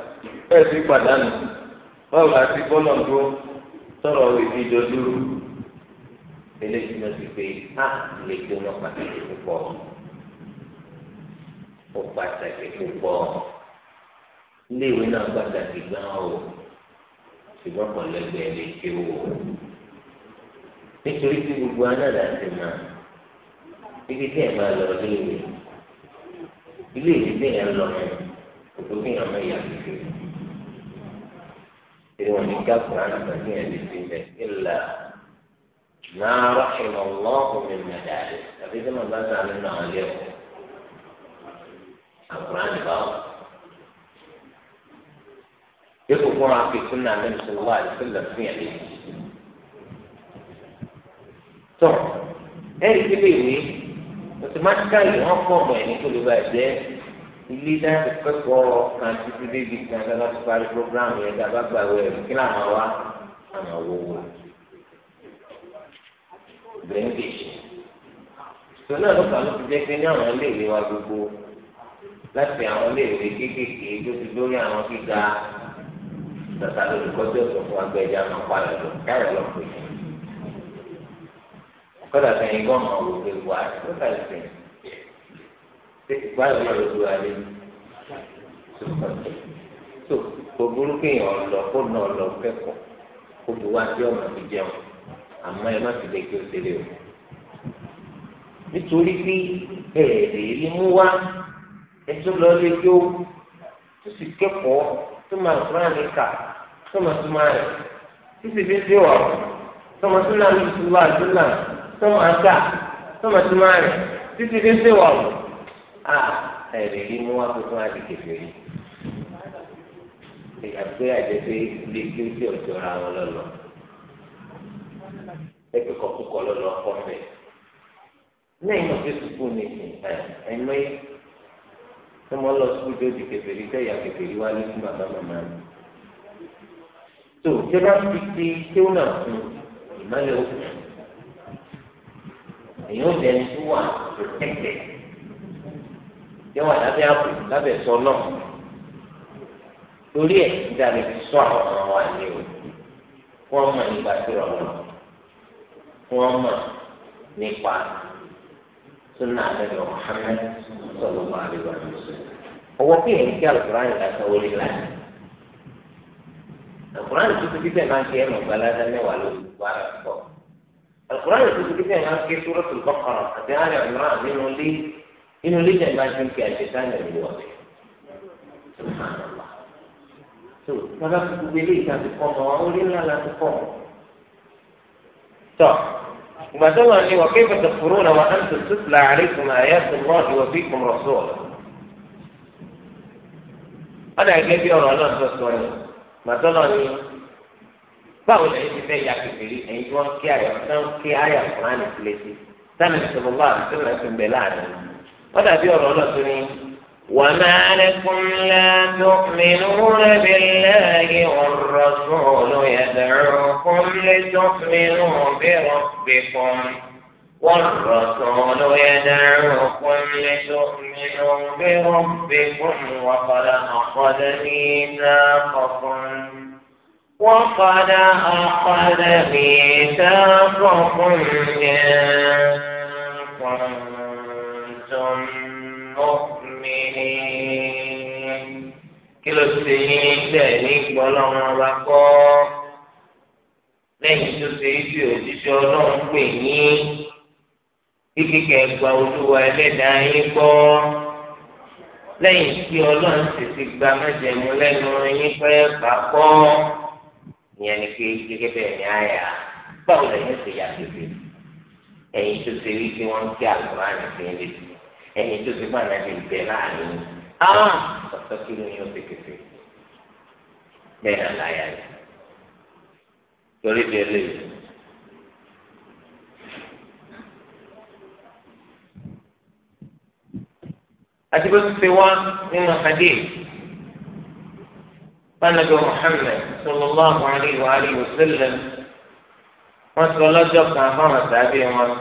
láì fi pàdánù báwo la fi bọ́lọ̀ ń dó sọ̀rọ̀ ìdí ìjọ dúró eléyìí náà ti pé a lè gbé wọn pàtàkì púpọ̀ ó pàtàkì púpọ̀ iléèwé náà pàtàkì gan o ṣùgbọ́n pọ̀lẹ́gbẹ́ lè ké o nítorí tí gbogbo anáda ti mọ̀ ibi tí ẹ̀ máa lọ léèwé. ilé ìdílé yẹn lọ yẹn kò tó fi hàn mẹ́yà kéke ìdí wọn ní gàkúrà nàbà ní ẹ̀ lè fi lẹ̀ ìlà náà rọ́ṣìnà lọ́ọ̀kùn mi mẹ́ta rẹ̀ àbí tí bá sá mi nà lé o àkúrà nìbà o yóò kó fún wa fi fún náà lẹ́nu sọ̀rọ̀ wá àti sílẹ̀ fún yẹn lé tó ẹ̀rí sílẹ̀ ìwé. automatically wọn kọ ọmọ ẹni tó lè bá ẹ jẹ ilé dáhùn kẹ́kọ̀ọ́ kan títí débi kan tó láti parí program yẹn dábàá gbà wẹ kí làwọn wá àwọn owó bẹ́ńkèjì tó náà ló kà ló ti jẹ́ pé ní àwọn iléèwé wa gbogbo láti àwọn iléèwé kéékèèké tó ti lórí àwọn gíga tàtà lórí kọjọ́ sọ fún agbẹjà máa pa ẹ̀ lọ káyọ̀ lọ pè é kọ́dà sẹ́yìn gọ́ọ̀mù àwọn òwe wà kọ́dà sẹ́yìn ìgbà yóò lọ lu alẹ́ tó kò burú kéèyàn lọ kó nà ọ lọ kẹ́kọ̀ọ́ kó bu wá sí ọmọ mi jẹun àmọ́ ẹ má ti lè kí o ṣe lè o nítorí pé ẹ̀ẹ́dẹ̀ yìí mú wá ẹ tó lọ lé kí o tó sì kẹ́kọ̀ọ́ tó máa fúnra mi kà tó máa tó máa rẹ̀ títí fi ń ṣe wà tó máa tó náà lù àdúrà tó máa sà tó máa tó máa rìn títí dé sí wọ̀lù à ẹ̀rì rí mú wá pé fún àdìgè fèrè ìgbàgbé àjẹsí lè kí ó sì ọjọ́ ra wọn lọ́lọ́ ẹgbẹ́ kọ̀ọ̀kọ̀ lọ́lọ́ ọkọ̀ fẹ́ lẹ́yìn ọ̀gbẹ́ sùkú ni ẹ̀mí tó mọ́ lọ sùkú tó di kẹfẹ́rí tẹ̀yà kẹfẹ́rí wálé fún bàbá màmá mi tó tí wọ́n ti ti tí fún ìmọ̀lẹ́ òkùnkùn èyí ó dẹni tó wà tẹ̀tẹ̀ yẹ wà lábẹ́ ààbò lábẹ́ sọ náà torí ẹ̀ dàbí ti sọ àwọn ọmọ wa ní o wọ́n mọ̀ nípa síra wọn wọ́n mọ̀ nípa sunna àtẹ̀lẹ̀ Muhammad sallallahu alaihi wa sallam ọwọ́ kí èyí kí alukóran yìí lásán wọlé láti alukóran yìí tuntun bíbẹ̀ máa ń ṣe ẹ̀mọ̀ gbalada mẹ́wàá lórí wàrà pọ̀. القرآن يقول كده يعني في سورة البقرة حتى آل عمران إنه لي إنه لي جماعة في الشيطان من وضعه سبحان الله شوف فلا لي كان تقوم وأقول إلا لا تقوم طب وما أني وكيف تكفرون وأنتم تتلى عليكم آيات الله وفيكم رسوله أنا أجيب يا رب الله سبحانه ما أني báwo lẹ́yìn ti fẹ́ ya kékeré ẹ̀yin tí wọ́n kí àyà wọ́n kí àyà fúnra ní kílẹ̀sì sani sọ̀rọ̀ wá àti sọ̀rọ̀ ẹ̀sìn bẹ̀ láàrin wọ́n dàbí ọ̀rọ̀ ọlọ́tún ni. وما لكم لا تؤمنون بالله والرسول يدعوكم لتؤمنوا بربكم والرسول يدعوكم لتؤمنوا بربكم وقد أخذ ميثاقكم وقد أخذ ميثاقكم إن كنتم مؤمنين كيلو سيين تاني بلغنا لكم lẹ́yìn tó ṣe ibi òṣìṣẹ́ ọlọ́run pè yín kíkíkẹ́ gba olúwa ẹlẹ́dàá yín gbọ́ lẹ́yìn tí ọlọ́run sì ti gba mẹ́jẹ̀mú lẹ́nu yín pẹ́ pàpọ́ ìyẹn ni pé gẹ́gẹ́ bẹ́ẹ̀ ni àyà báwo lẹ́yìn ṣe yà pépé ẹ̀yin tó ṣe wípé wọ́n ń kí àlùmáàní sí ilé ẹ̀yin tó ṣe fún ànábì bẹ́ẹ̀ láàrin àwọn ọ̀sọ́ kí ló ń yọ pékèké bẹ́ẹ̀ náà láyà rẹ̀ torí bẹ́ẹ̀ lè àti bó ti ṣe wá nínú hadith. فنبي محمد صلى الله عليه وآله وسلم وصلى جبنا فما تابعهم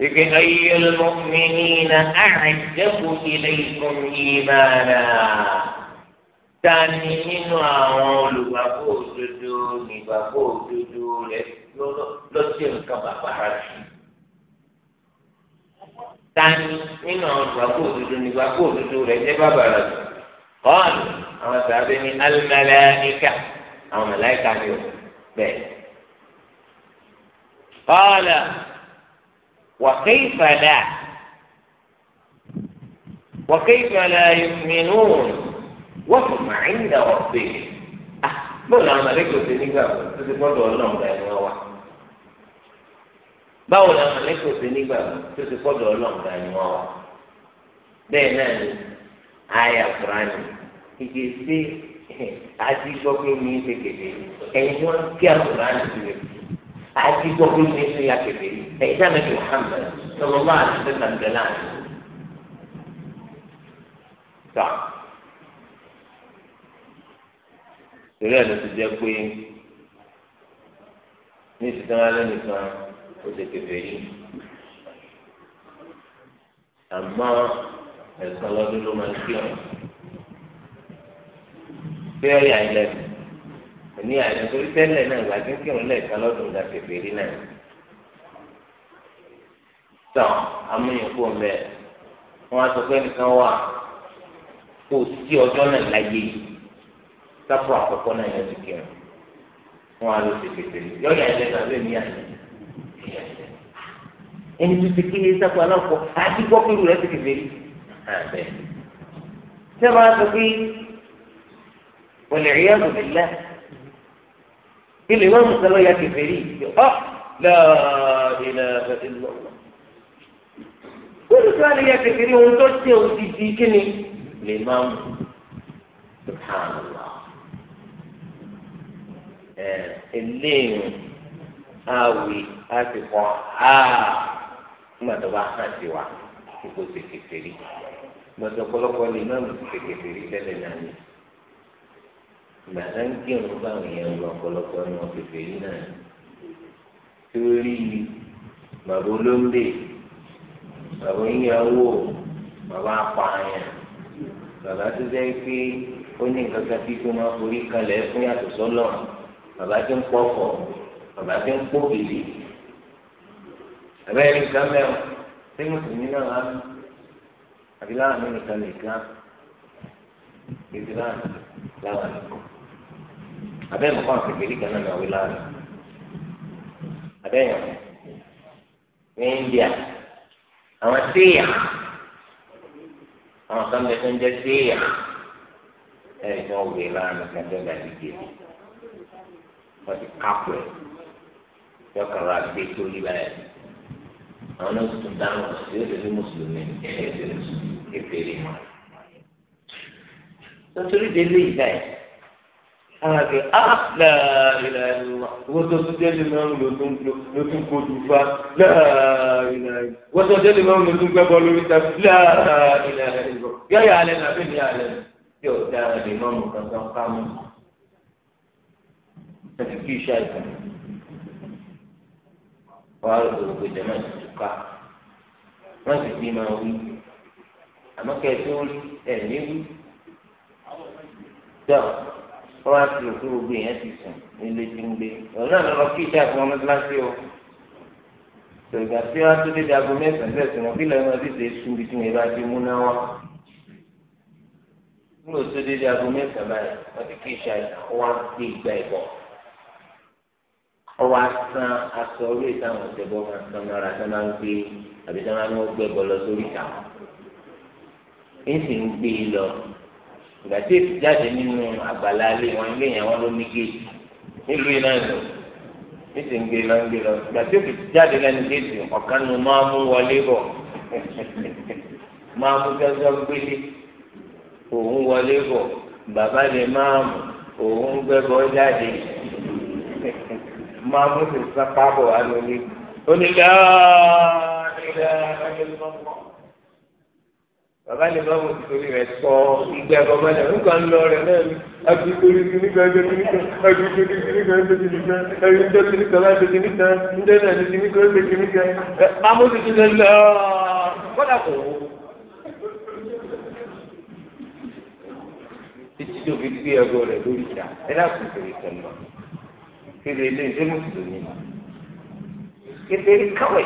أي المؤمنين أعجب إليكم إيمانا tani nínú àwọn olùgbàgbọ́ òdodo nígbàgbọ́ òdodo rẹ lọ́sẹ̀ nǹkan bàbá rẹ tani nínú àwọn olùgbàgbọ́ òdodo nígbàgbọ́ òdodo rẹ jẹ́ bàbá rẹ. قال أما سأبني الملائكة أو ملائكة اليوم بيت قال وكيف لا وكيف لا يؤمنون وهم عند ربهم bóòlù àwọn mọ̀lẹ́kì òsè nígbà tó ti gbọ́dọ̀ ọlọ́run gba ẹ̀mí wa báwo ni àwọn mọ̀lẹ́kì òsè nígbà tó ti gbọ́dọ̀ ọlọ́run gba ẹ̀mí wa bẹ́ẹ̀ náà ni àyà kúránì ìgbésí àti gbọ́gbé mi ń ṣe kèké ẹ̀yin wọn kí àkùrá ń ṣe àti gbọ́gbé mi ń ṣe ya kèké ẹ̀yin sábẹ́ tó hàmẹ́ sọlọ bá àti ṣe kàǹgẹ̀ náà ṣe. tà torí ẹ̀ ló ti jẹ́ pé ní ìsìnkú alẹ́ nìkan ó ṣe kèké yìí àmọ́ ẹ̀sán lọ́dún ló máa ń kí ọ̀hún pé ọ̀yà ń lẹ́nu òní àyàn torí tẹ́lẹ̀ náà ìgbà tí ń kírun lẹ́ẹ̀kan lọ́dún ìgbà pèpèrè náà tán amúyẹ̀kọ mbẹ wọn á sọ pé nìkan wà kó sí ọjọ́ náà láyé sápò àkọ́kọ́ náà yẹn ti kírun wọn á lọ sí pèpèrè yọ̀ọ̀yà ń lẹ́nu àbẹ́ mi àná ẹni tó ti kéde sápò aláǹkọ àti gbọ́ pé rú rẹ ti pèpèrè àbẹ́ tẹ́ bá sọ pé. والعياذ بالله الإمام الزمان يا كفري أه لا إله إلا الله كل سؤال يا كفري وانتوشتي وتجيكني الإمام سبحان الله eléyìn awi láti آه ما nígbà tó bá hàn sí wa kó kó ṣe kékeré gbọ́dọ̀ ọ̀pọ̀lọpọ̀ lè má mú kékeré tẹ́lẹ̀ náà ni. gbàtà ń kírun báwọn èèyàn lọ ọ̀pọ̀lọpọ̀ ọ̀nà ọ̀fẹ̀fẹ̀ yìí náà torí bàbá olóńgbè bàbá oníyàwó bàbá apààyàn bàbá tó jẹ́ pé ó ní nǹkan kan tí kò máa forí kalẹ̀ fún yàtọ̀ sọ́lọ̀ bàbá tó ń pọ̀fọ̀ bàbá tó ń pòkìlì àbẹ́rẹ́ nǹkan mẹ́wọ̀n tí mùsùlùmí náà wà mí àbí láwọn mi nìkan nìkan ìdílé láwọn nìkan abẹ́yẹn kọ́ àwọn kékeré kan náà wí láàrin abẹ́yẹn ní India àwọn séèyà àwọn kan bẹ tó ń jẹ séèyà ẹ̀rí tí wọ́n wí láàrin gbàdúrà dàbí gèdè wọ́n ti kápò ẹ̀ yọ kàn rà gbé báyìí àwọn náà tuntun dáhùn yóò tẹ̀lé mùsùlùmí ẹ̀ẹ́dẹ̀ẹ́dẹ̀ mùsùlùmí kékeré wọn. nítorí délé ìgbà yìí àgbẹ̀ àlà ìlà ìlà wọ́n tó tún jẹ́lẹ̀ máa ń lò ló tún kó dùn fa láà ìlà ìlà wọ́n tó jẹ́lẹ̀ máa ń lò tún gbẹ́ bọ́ lórí ta láà ìlà ìlà yọ̀yà alẹ́ nàbí ní alẹ́ tí ò dára lè má mú kankan ká mú àti kí iṣẹ́ àìsàn wàá rò tó gbé jẹ́mọ̀ tuntun ká wọ́n sì bí máa wí àmọ́ kẹ́ẹ̀ tó rí ẹ̀ ní wí wọ́n á fi òkú gbogbo èèyàn ti sùn nílé tí ń gbé òun náà lọ kí iṣẹ́ àfihàn mọ́tíláṣí o tòlùgbà tí wọ́n á tó dédé aago mẹ́sàn-án bẹ́ẹ̀ sùn wọ́n kí lẹ́yìn wọn ti ṣe sùn bí tí wọ́n bá ti mú náà wá. nígbà tó dédé aago mẹ́sàn-án báyìí wọ́n ti kí iṣẹ́ wọ́n á gbé ìgbà ìbọ̀ ọwọ́ asán aṣọ orí ìtàn òṣèbọ̀ máa bọ́ ìgbà tí èsì jáde nínú àgbàlá ilé wọn ilé yẹn wọn ló ní géètì nílùú iná ìlú níṣẹ́ ń gbé lọ ń gbé lọ ìgbà tí èsì jáde lẹ́nu géètì ọ̀kan nu máa mú wọlé bọ̀ máa mú gbẹ́gbẹ́ gbélé òun wọlé bọ̀ bàbá lè máa mú òun gbẹ́gbọ́ jáde máa mú sì sápá bọ̀ wá lórí onílẹ̀ ìlẹ̀ ìlẹ̀ ìlẹ̀ ìlẹ̀ bàbá lè má mo ti torí rẹ sọ ìgbà ẹ̀kọ́ máa dà nígbà ńlọ rẹ náà ni àti torí ti nígbà ẹgbẹ́ ti nígbà àti torí ti nígbà ẹgbẹ́ ti nígbà ẹgbẹ́ ti nígbà ẹgbẹ́ ti nígbà ẹgbẹ́ náà ti nígbà ẹgbẹ́ ti nígbà máa mo ti ti lọ lọ kọ́dà kò wó. títí tó fi gbé ẹgbẹ́ rẹ lórí ìjà ẹ láti torí kan kéde ilé ìdé mùsùlùmí kéde káwé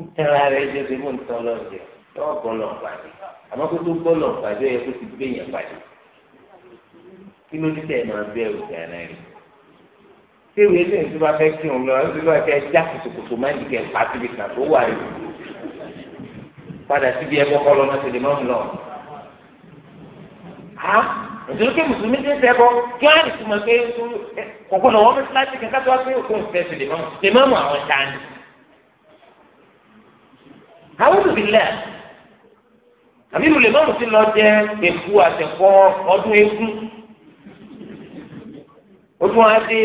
ń tẹ̀ra rẹ jẹ́ bí mo ń tọ́ lọ́jọ́ yọ bọlọ pàdé àmọ́ kó tó bọlọ pàdé yẹ kó ti gbé yẹn pàdé kí ló dé tẹ máa bẹ ẹrù gánà rẹ tí ìwé tí ìwé tó bá fẹ́ kí òun lọ ẹ bá fẹ́ já kòtòkòtò máa ń di kẹ pa síbi kan tó wà yìí padà síbi ẹbọ kọlọ náà tẹ́lẹ̀ máa ń lọ ha òtún kí mùsùlùmí ti ń sẹ bọ kí wọn á lè túmọ̀ pé kọ̀kọ́ náà wọ́n fi síláṣí kankan tó wá pé òkú òfin ẹ̀sìn lè máa mú àwọn táni. àwọn òbí lẹ́yìn àbílù lè mọ́mù sí lọ jẹ èkú àtẹ̀kọ́ ọdún eégún ojú wa dé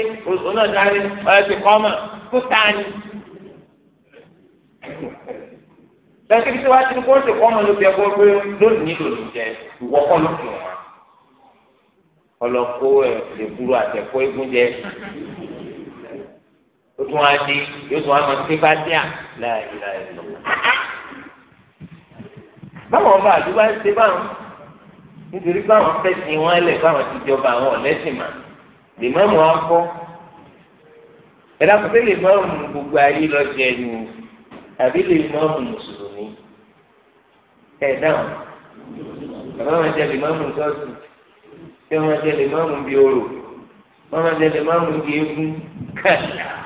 onádarí ọ̀ẹ́dì kọ́mà kó tání. lẹ́sìn tí wàá ti ní kó ń ṣe kọ́mà ló fi ẹ̀kọ́ pé lónìí lòdì jẹ ìwọ́kọ́ ló fi wọn. ọlọ́kọ́ ẹ̀ lè burú àtẹ̀kọ́ eégún jẹ ojú wa dé yóò tún wá mọ̀ sí bá dé à báwọn ọba àdúgbò ń ṣe báwọn nítorí báwọn fẹsìn wọn lẹ báwọn ti jọba àwọn ọlẹsìn mà lèmọọmù wọn kọ ẹ̀dá kọfẹ lèmọọmù gbogbo ayé lọ jẹ ẹnu àbí lèmọọmù mùsùlùmí ẹ̀dá wọn bàbá wọn jẹ lèmọọmù sọọsì tí wọn jẹ lèmọọmù bíi orò wọn jẹ lèmọọmù bíi egun kàlà.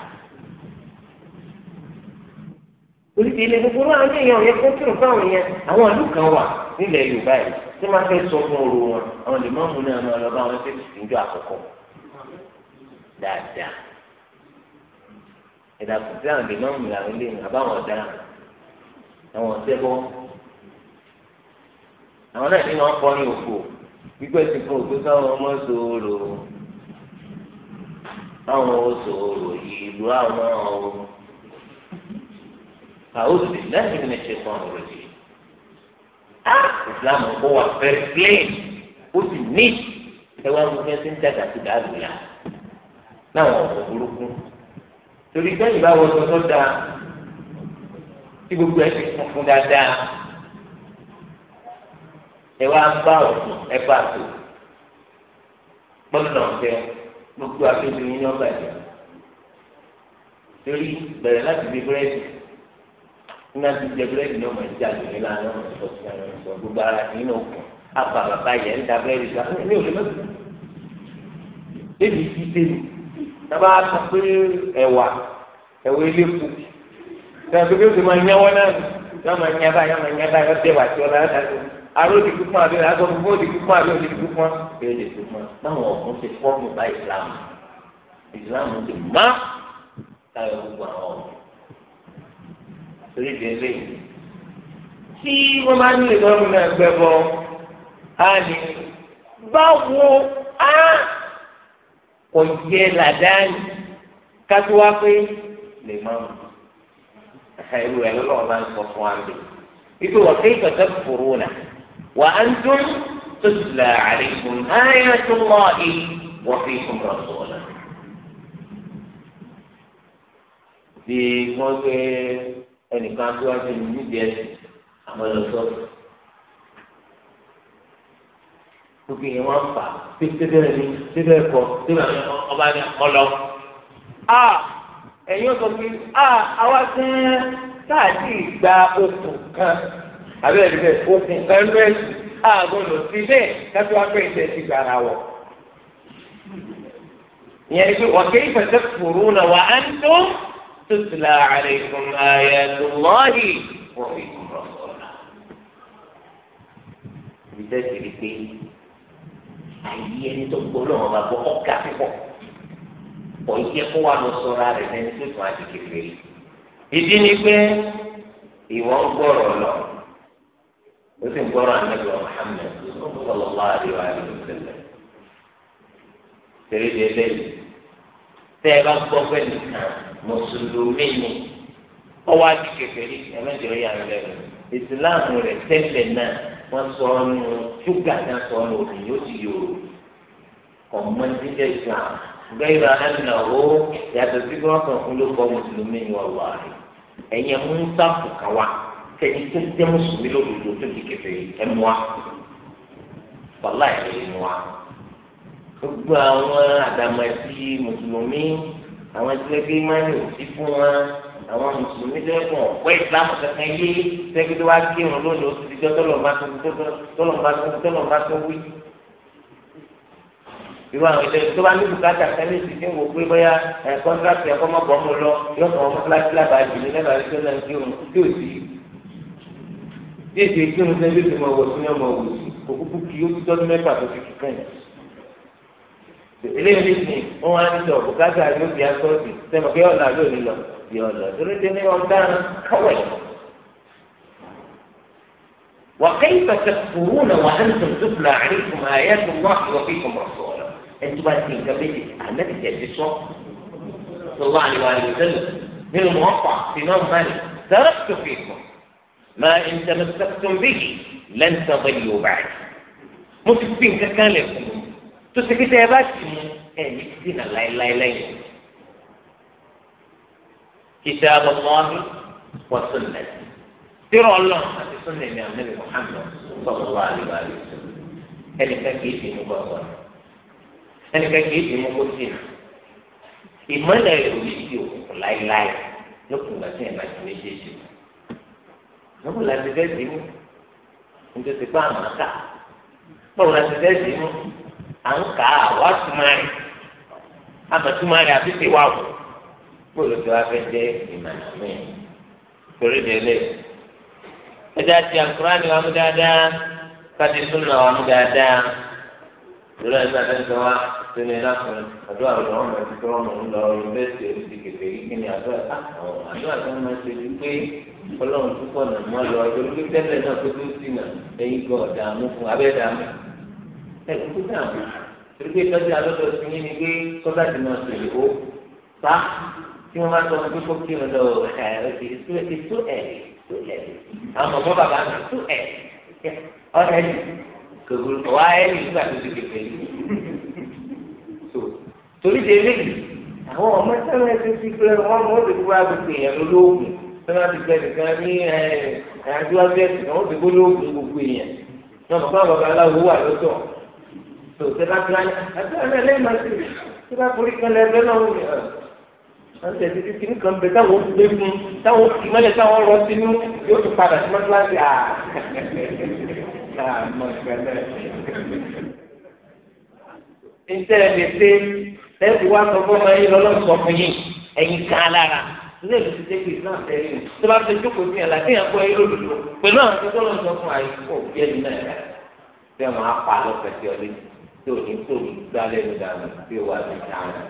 torí ti ilé gbogbo náà ní èèyàn yẹn kó kírò fáwọn yẹn àwọn ìlú kan wà nílẹ̀ Yorùbá yìí tí wọ́n fẹ́ sọ fún oru wọn àwọn lè má mú náà máa lọ bá wọn ṣe ìjọ àkọ́kọ́ dáadáa ìdàkùn tí àwọn lè má mú làwọn ilé àbáwọn ọ̀daràn àwọn ọ̀sẹ́bọ́ àwọn náà nínú ọkọ ní òkú gbígbẹ́ ti fún òkú káwọn ọmọ sòrò àwọn òsòrò ìlú àwọn ọ̀hún àwòrán lẹ́yìn ní ṣe fún ọ̀rọ̀ yìí. á islam kó wà very plain ó sì ní ẹwà gbogbo ẹsẹ̀ ń dàgbà sí dàgbà yá láwọn ọ̀rọ̀ burúkú. torí sẹ́yìn bá wọ sọ́sọ́ da tí gbogbo ẹ̀ ti funfun dáadáa ẹwà bá ọ̀sùn ẹ nígbà tí jẹbúrẹ́dì náà máa ń jà lónìí lánàá máa ń sọ sí àwọn ọ̀sán gbogbo ara kì í náà kù àpà bàbá yẹn ń da búrẹ́dì sọ àwọn ènìyàn lọ́wọ́ débi tí tèmi sábà sọ pé ẹ̀wà ẹ̀wà eléku sábà pé oṣù máa ń yáwọ́ náà yóò máa ń yá báyìí yóò máa ń yá báyìí ọ̀sẹ̀ wà tí ọ̀la yóò dájú aró di kúkú àbí aṣọ fúnfún ó di kúkú àbí ó di kúkú mọ́ bẹ́ẹ̀ lè kú mọ́ báwọn ọ̀kún ṣe fọ́ọ̀mù bá ìsìlámù ìsìlámù ti torí délé tí wọ́n máa ń lè lọ́rùn náà gbẹ́bọ á lè báwo á kò yẹ làdáni kátó wá pé lè máa mú ẹrú ẹ lọ́wọ́ máa ń sọ fún wa lè wípé wọ́n fi kẹ̀kẹ́ fòrò náà wà á ń dún tó ti là àríkùn áyà tó mọ̀ ẹ́ wọ́n fi kún lọ sọ̀rọ̀ náà. bí wọ́n gbé ẹnìkan aṣíwájú ní níbi ẹsìn àwọn ẹlọsọọsì gbogbo yẹn wọn fà tẹtẹtẹ ní tẹtẹ kọ tẹtẹ ní ọba ní ọlọ. a ẹ̀yin sọ pé a àwa gan-an káàdì ìgbà okùn kan àbẹ̀rẹ̀ bẹ́ẹ̀ okùn kan lọ́ẹ̀sì àgọ́lọ̀ sí bẹ́ẹ̀ kájú apẹ́ ìṣẹ́ ti gbàrà wọ̀ ìyẹn ni pé wọ́n kéyìí fẹsẹ̀ fòrò náà wà á ń tó tutla alaykum آيات الله bikum رسوله. Ìbísẹ́ ti rí pé àyè ẹni tó gbọ́ lọ́wọ́ bá gbọ́ ọ̀gá púpọ̀. Ọ̀yẹ́ kó wà lọ sọ́ra rẹ̀ lẹ́ni tó tún àti kékeré. Ìdí ni pé ìwọ ń gbọ́rọ̀ lọ. Ó sì ń gbọ́rọ̀ ànágbé wa Mùhàmmad sallallahu alaihi wa sallam. Tẹ̀lé tẹ̀lé tẹ́ ẹ bá gbọ́ pẹ́ nìkan mùsùlùmí ni ọwọ́ àti kẹfẹ́rí ẹ̀mẹ́jọ yà ń lẹ́nu ìsìláàmù rẹ̀ tẹ́lẹ̀ náà wọ́n sọ ọ́ nù ṣúgà náà sọ ọ́ nù òbí yóò ti yòrò ọ̀mọ́ dídẹ̀ islam gbẹ́yìrà ẹ̀nàwó yàtọ̀ sí kí wọ́n kàn fún ló kọ́ mùsùlùmí ni wọ́n wà rẹ̀ ẹ̀yẹ mú sáfù káwa tẹ̀lé tó jẹ́ mùsùlùmí lòdòdò tó ti kẹfẹ́rí ẹ̀mú wa wàláì ẹ̀mú wa gbogbo àwọn àdàmọ̀ ẹ̀sìn mùsùlùmí àwọn ẹgbẹ́ ìmánì òsì fún wa àwọn mùsùlùmí tó ń kọ ọ̀pẹ́ ìsìlámù kankan yé sẹ́kí tó wá kírun lónìí oṣù tíjọ́ tọ́lọ̀mbá tó tọ́lọ̀mbá tó wí. irú àwọn ìṣẹ̀lẹ̀ tó bá ní bùkátà sẹ́ni sì ti ń wò pé bóyá kọ́ńtàkì ẹ̀kọ́ mọ́ bọ́ mọ́ lọ yóò kàn wọ́n kíláàsì lábàá jùlọ lẹ́bàá tó lẹ́nu kírun tí ò sí. bí èsì kírun sẹ́ni tó ti mọ̀ wọ̀ sí ni ọmọ òwò sí òkúkú kì í ó ti tọ́jú mẹ́fà tó ti kíkàn yìí. eléyìí ní wọn wá ní sọ bùkátà yóò di asọ́ọ̀tì sẹmọ kí ọ̀nà yóò ní lọ di ọ̀nà torí ti ní ọ̀daràn káwẹ̀. وكيف تكفرون وأنتم تتلى عليكم آيات الله وفيكم رسوله أنتم ما تنكبتي النبي الجسم صلى الله عليه وآله وسلم من الموقع في نوم مالك تركت فيكم ما إن تمسكتم به لن تضلوا بعد ممكن كان لكم tó ṣe kí tẹ ẹ bá sì mú ẹ̀mí dínà láéláé lẹ́yìn kìtàbù mọ́ọ́dún wọ́n sunnah tírọ̀ ọlọ́run àti sunnah ní àmì Muhammad sọ̀rọ̀ wà lùwà lù ẹnìkan kì í dì mú bọ́ sọ ẹnìkan kì í dì mú kó dìnnà ìmọ̀lẹ̀ ìròyìn ti òkùnkùn láéláé lókùn gbàtí ẹ̀ máa ti méjèèjì lókùn láti fẹ́ dì mú nítorí pé àmọ́ ká báwo láti fẹ́ dì mú à ń kà á wá túmọ̀rì àmọ̀ túmọ̀rì àti tèwà wò gbọ́dọ̀ tó wá fẹ́ jẹ́ ìmọ̀nà mi torí délé ẹja ti àkùránì wa mú dáadáa káti súnà wa mú dáadáa lórí ẹgbẹ́ àtẹ́sẹ̀ wa tó ní lásán àdúrà lọ́wọ́ ọmọ ẹ̀sìn tó rọrùn ń lọ yunifásitì oríṣi kẹfẹ́ yìí kí ni àdúrà ah, àwọn àdúrà tó máa ń ṣe ju pé ọlọ́run púpọ̀ nà mọ́ lọ ọjọ́ pípẹ́lẹ̀ náà tó tó sí nà ẹ̀yìn gan ọ̀dà àmú fún abẹ́ dàmú ẹ̀kú tó dàn án torí pé ìtọ́jú alọ́dọ̀ sí yín ni pé kọ́dà ti máa sọ èlò bá tí wọ́n máa sọ fún pípọ́ kí wọ́n lọ ẹ̀ ẹ̀ ti tú ẹ̀ tú ẹ̀ àwọn ọmọ bàbá mi tú ẹ̀ ọ ẹ̀ kòkòrò kọ̀ wá ẹ̀ nígbà tó ti kẹfẹ́ yìí torí de eléyìí àwọn ọmọ sẹ́wọ̀n ẹ̀sìn ti pé wọ́n mú òde gbogbo agbègbè yẹn lólóògùn sẹ́wọ̀n ti pẹ́ nìkan ní àjọ abẹ́ẹ̀sì náà ó ti gbólóògùn gbogbo èèyàn náà bàbá bàbá aláwo wà lọ́tọ̀ tó ṣe lágbára lágbára náà lẹ́yìn máa ti ṣe bá forí kan lẹ́gbẹ́ náà wò ẹ̀ ẹ̀ ṣe ti ti ní kan bẹ táwọn gbé fún táwọn kì mọ́lẹ̀ táwọn rọ sínú yóò tún padà sí mọ́tíláṣí à ntẹ́lẹ̀ lè ṣe lẹ́yìn wá sọ fún ọmọ yín lọ́lọ́sọ fún yín ẹ̀yin kan lára ilé ìlú ti dé pé islam tẹ̀lé ní tó bá fi jókòó sí yàrá tí yàn kó ẹ pẹ̀lú àwọn tó tọ́lọ́ fún àyíkó bí ẹni náà yà bẹ́ẹ̀ máa pa lọ́pẹ̀ sí ọ létí. tí ò ní kò ní gbá lẹ́nu dànù bí wàá ti dànù.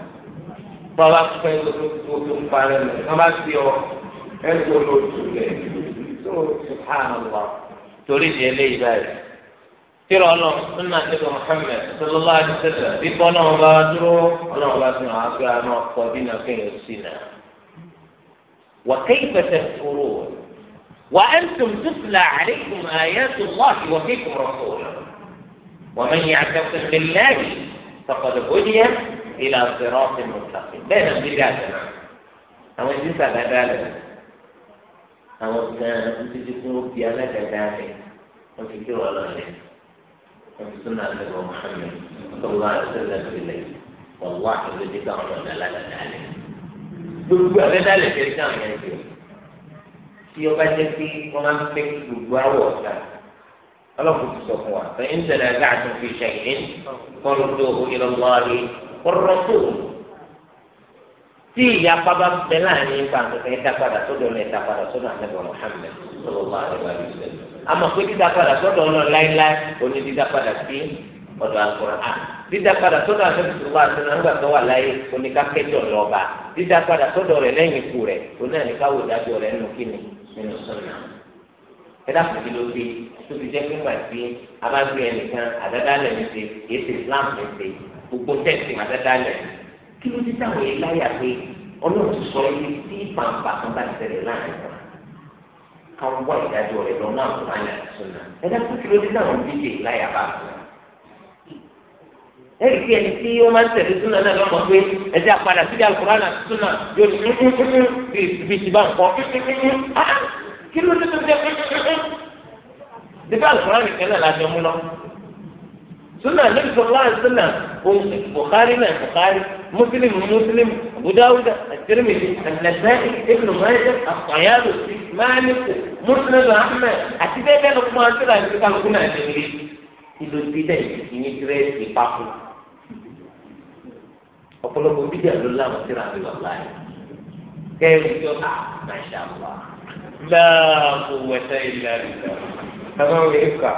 Bọ́lá pẹ́ tó tó ń parẹ́ lọ, wọ́n bá ti ọ ẹ̀kọ́ lójú rẹ̀ tó sùhánàlá. Torí di eléyìí báyìí. Tíra ọ̀nà nínú àtẹ̀kọ̀ Mùhàmmẹ́d sọlọ́lá àdìsẹ́lẹ̀ bí bọ́lá wọn bá dúró ọlọ́run bá fi hàn á gbé àná ọkọ̀ dínà kéèyàn sí náà. وكيف تكفرون وأنتم تتلى عليكم آيات الله وفيكم رسوله ومن يعتصم بالله فقد هدي إلى صراط مستقيم بين البلاد àwọn ẹni sàdáadáa lẹ àwọn gan títí kí wọn fi alágàdá rẹ wọn fi kí wọn lọ rẹ wọn fi súnà lẹwọ Muhammad sọlá àtẹlẹ tẹlẹ wọn wá àtẹlẹ tẹlẹ àwọn ọdọ alágàdá rẹ gbogbo àgàdá rẹ tẹlẹ táwọn yẹn ti o tí ọba jẹ pé wọn máa ń fẹ́ gbogbo àwọ ọ̀gá. ọlọ́run ti sọ fún wa fẹ̀yìn tẹ̀lé ẹ̀ka àti fi ṣẹ̀yìn kọ́lù tó o ìlọ lọ́ọ̀rì kọ́rọ́ tó o. tí ìyapa bá bẹ láàrin pàǹtẹ̀fẹ̀ ẹ̀dá padà sọ́dọ̀ ọ̀nà ẹ̀dá padà sọ́dọ̀ àtẹ̀bọ̀ Muhammad sọlọ́lá àdìbà ìṣẹ̀lẹ̀. àmọ́ pé dídá padà sọ́dọ̀ ọ̀nà láíláí oní dídá padà sí ọ̀dọ̀ Al-Qur'an dídá padà sọ́dọ̀ àtẹ̀bùsùnwá àtẹ̀nàgbà tó wà láyé oníkàkẹ́jọ lọ́ba dídá padà sọ́dọ̀ rẹ̀ lẹ́yìn ikú rẹ̀ oní àníkàwò dájọ́ rẹ̀ nù kíni nínú sọ́nà ẹ̀dá kùtì ló ṣe tó fi jẹ́ pé wà sí abájú ẹnìkan àdádálẹ̀ ní ṣe kìí ṣe Islam ní ṣe gbogbo tẹ̀sí àdádálẹ̀ kí ló dé táwọn yẹn láyà pé ọlọ́run sọ ibi tí pàǹpà kan bá ṣẹlẹ̀ láàrin wọn káwọn wá ìdájọ́ rẹ̀ lọ́nà àwọn àyà ìṣúná ẹ̀dá kùtì ló dé táwọn díje láyà bá wọn. ẹ̀rí pé ẹni tí ó máa ń tẹ̀lé súnà náà lọ́mọ pé ẹ̀dá padà sí kí ló dé tó dé dípẹ́ àlùkò láti kẹ́lẹ́ la jọ mú lọ. sunna nabi sallallahu alaihi wasallam bukhari náà bukhari muslim muslim abu dawud at-tirmidhi an-nasa'i ibn majah at-tayalusi malik muslim ahmed àti bẹ́ẹ̀ bẹ́ẹ̀ lọ́kùnrin àti ìlànà ìdíkà lọ́kùnrin náà ti rí ìlú bídẹ̀ ìyẹn tírẹ́sì pákó ọ̀pọ̀lọpọ̀ bídẹ̀ ló láwọn síra àbí bàbá yẹn kẹ́rin tó máa ṣe àwọn láàbò wẹ̀sẹ̀ ilẹ̀ àdìgbà táwọn ọ̀rẹ́ ẹ̀ka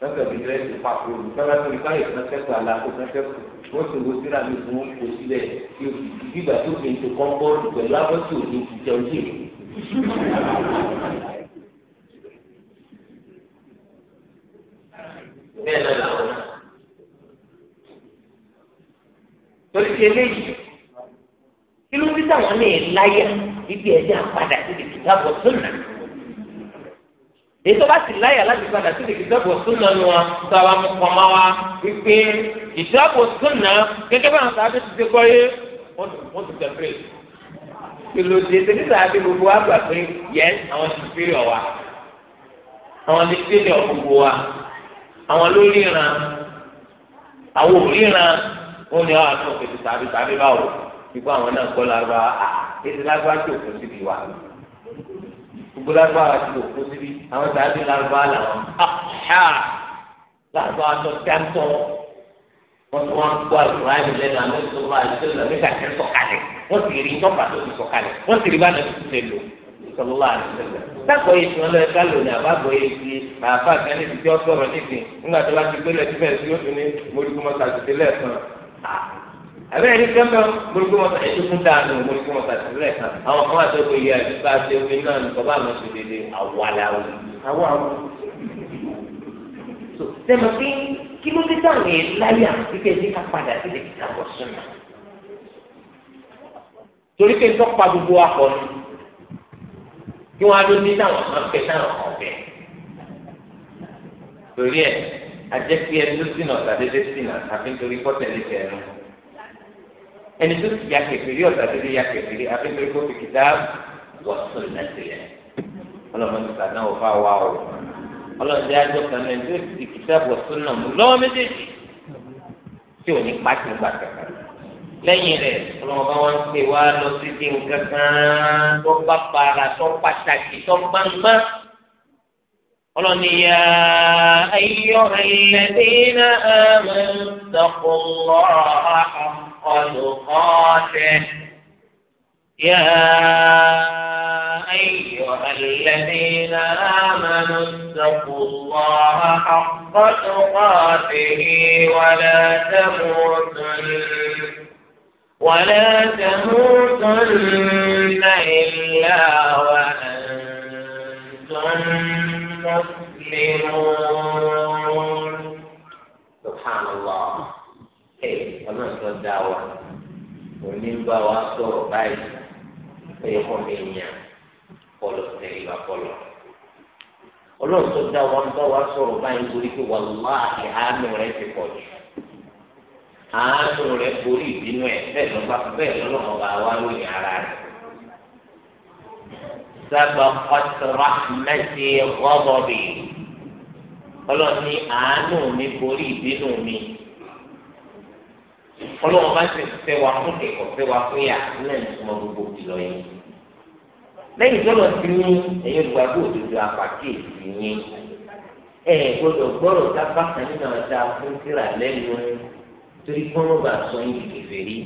lọ́sẹ̀ bí dírẹ́sì papò ní bábá tó ní káyọ̀ ìfúnnáṣẹ́kù aláko fúnnáṣẹ́kù wọ́n sì wo síra mi fún oṣù sílẹ̀ tí o sì ti gbígbà tó fi ń to kọ́ńpọ́ọ̀tù pẹ̀lú abọ́tì òní ti jẹun jì. náà làwọn torí ti eléyìí kí ló ń bí táwọn náà láyà ibi ẹ̀jẹ̀ àpadà sí ibi kìtàbù sunna èyí tó bá sì láyà láti padà sí ibi kìtàbù sunna nu wa tó àwọn amúkọ̀má wa wípé kìtàbù sunna gẹ́gẹ́ bá àwọn sábẹ́ ti ṣe kọ́ yé wọ́n ti tẹ̀ pé ìlòdì ètò nígbà àti gbogbo wa gbà pé yẹ àwọn ti fi rẹ̀ wa àwọn ti fi rẹ̀ gbogbo wa àwọn ló ríran àwọn ò ríran ó ní àwọn ah, àti òkè ti tàbí tàbí báwo ikú àwọn náà kọ́ lára bá ah, ètò lágbájú òkú síbi wa gbogbo lágbára ti òkú síbi àwọn sàbí lágbára làwọn àṣà ah, lágbára tó dáńtọ́ wọ́n tún wá ń gbọ́ àlùkòrán yìí lẹ́nu àmọ́ ìṣòro àìsílẹ̀ lọ́mí kàkẹ́ sọ̀kalẹ̀ wọ́n sì rí tọ́pà tó ti sọ̀kalẹ̀ wọ́n sì rí bá nàbí ti lò sọlọ́lá àdìsẹ́lẹ̀. Sákòó yìí tiwọn lọ́yẹ ká lò ní àbábọ̀ yìí ti àáfà kan tí ó sọ̀rọ̀ níbi nígbà tó bá ti gbélé tí bẹ́ẹ̀ sí ó ní mo rí kó mọ́ abẹ́rẹ́ ní kẹ́mbẹ́ mọ̀lùkù mọ̀tà ẹ̀jẹ̀ fún dáadé mọ̀lùkù mọ̀tà sílẹ̀ kan àwọn kan àti ọkọ̀ yìí àti bá a ṣe omi náà ní kọ́bá àmọ́ ṣe dédé àwàláwò àwọn àwọn. so sẹ́mi pé kí ló dé táwọn yẹn láyà kíkẹ́ ẹ̀jẹ̀ ká padà sílẹ̀ kíkà bọ̀ sọ́nà. torí pé tó pa gbogbo akọ ni kí wọ́n á ló ní táwọn kan fẹ́ táwọn kan fẹ́. torí ẹ̀ ajẹ́ pé ẹni ẹni tó ti ya kẹfìrí ọ̀tá tó ti ya kẹfìrí afẹ́fẹ́ kó fi kìtá wọ́n sùn náà sílẹ̀ ọlọ́mọdé kàná wò fà wá o ọlọ́dẹ adó kàná ẹni tó ti kìtá wọ́n sùn náà mú lọ́wọ́ méjèèjì tí ò ní pàṣẹ gbà kàkà lẹ́yìn rẹ̀ ọlọ́mọba wọn pè wá lọ sí di nǹkan kan tó bá para tó pàtàkì tó gbangba ọlọ́ni yá ayé ọ̀rẹ́ ilẹ̀ dínà lọ́rọ̀ àkàkọ́. خلقاته يا أيها الذين آمنوا اتقوا الله حق تقاته ولا تموتن ولا تموتن إلا وأنتم مسلمون سبحان الله ẹ ọlọ́ọ̀tọ́ dá wa òní ń bá wa sọ̀rọ̀ báyìí ó yẹ kó mi yàn kọlọ tẹ̀lé wa kọlọ ọlọ́ọ̀tọ́ dá wa ń bá wa sọ̀rọ̀ báyìí nítorí pé wàláhì àánú rẹ ti pọ̀ jù àánú rẹ borí ìbínú ẹ bẹ́ẹ̀ ló bá bẹ́ẹ̀ lọ́nà ọba wa lóyìn ara rẹ. سبقت رحمتي غضبي ọlọ́run ní àánú mi borí ìbínú mi ọlọ́run bá sì fẹ́ wa fún kẹ̀kọ́ fẹ́ wa fún yà náà ní ìtumọ̀ gbogbo ìlọ yẹn. lẹ́yìn tó lọ sí ní ẹ̀yìn olùgbàgbọ́ òdodo àpàkíyèsí yẹn ẹ̀ gbọ́dọ̀ gbọ́dọ̀ dábà kan nínú ọ̀dà fún kíra lẹ́nu torí gbọ́dọ̀ bá sọ yín kẹfẹ́ rí.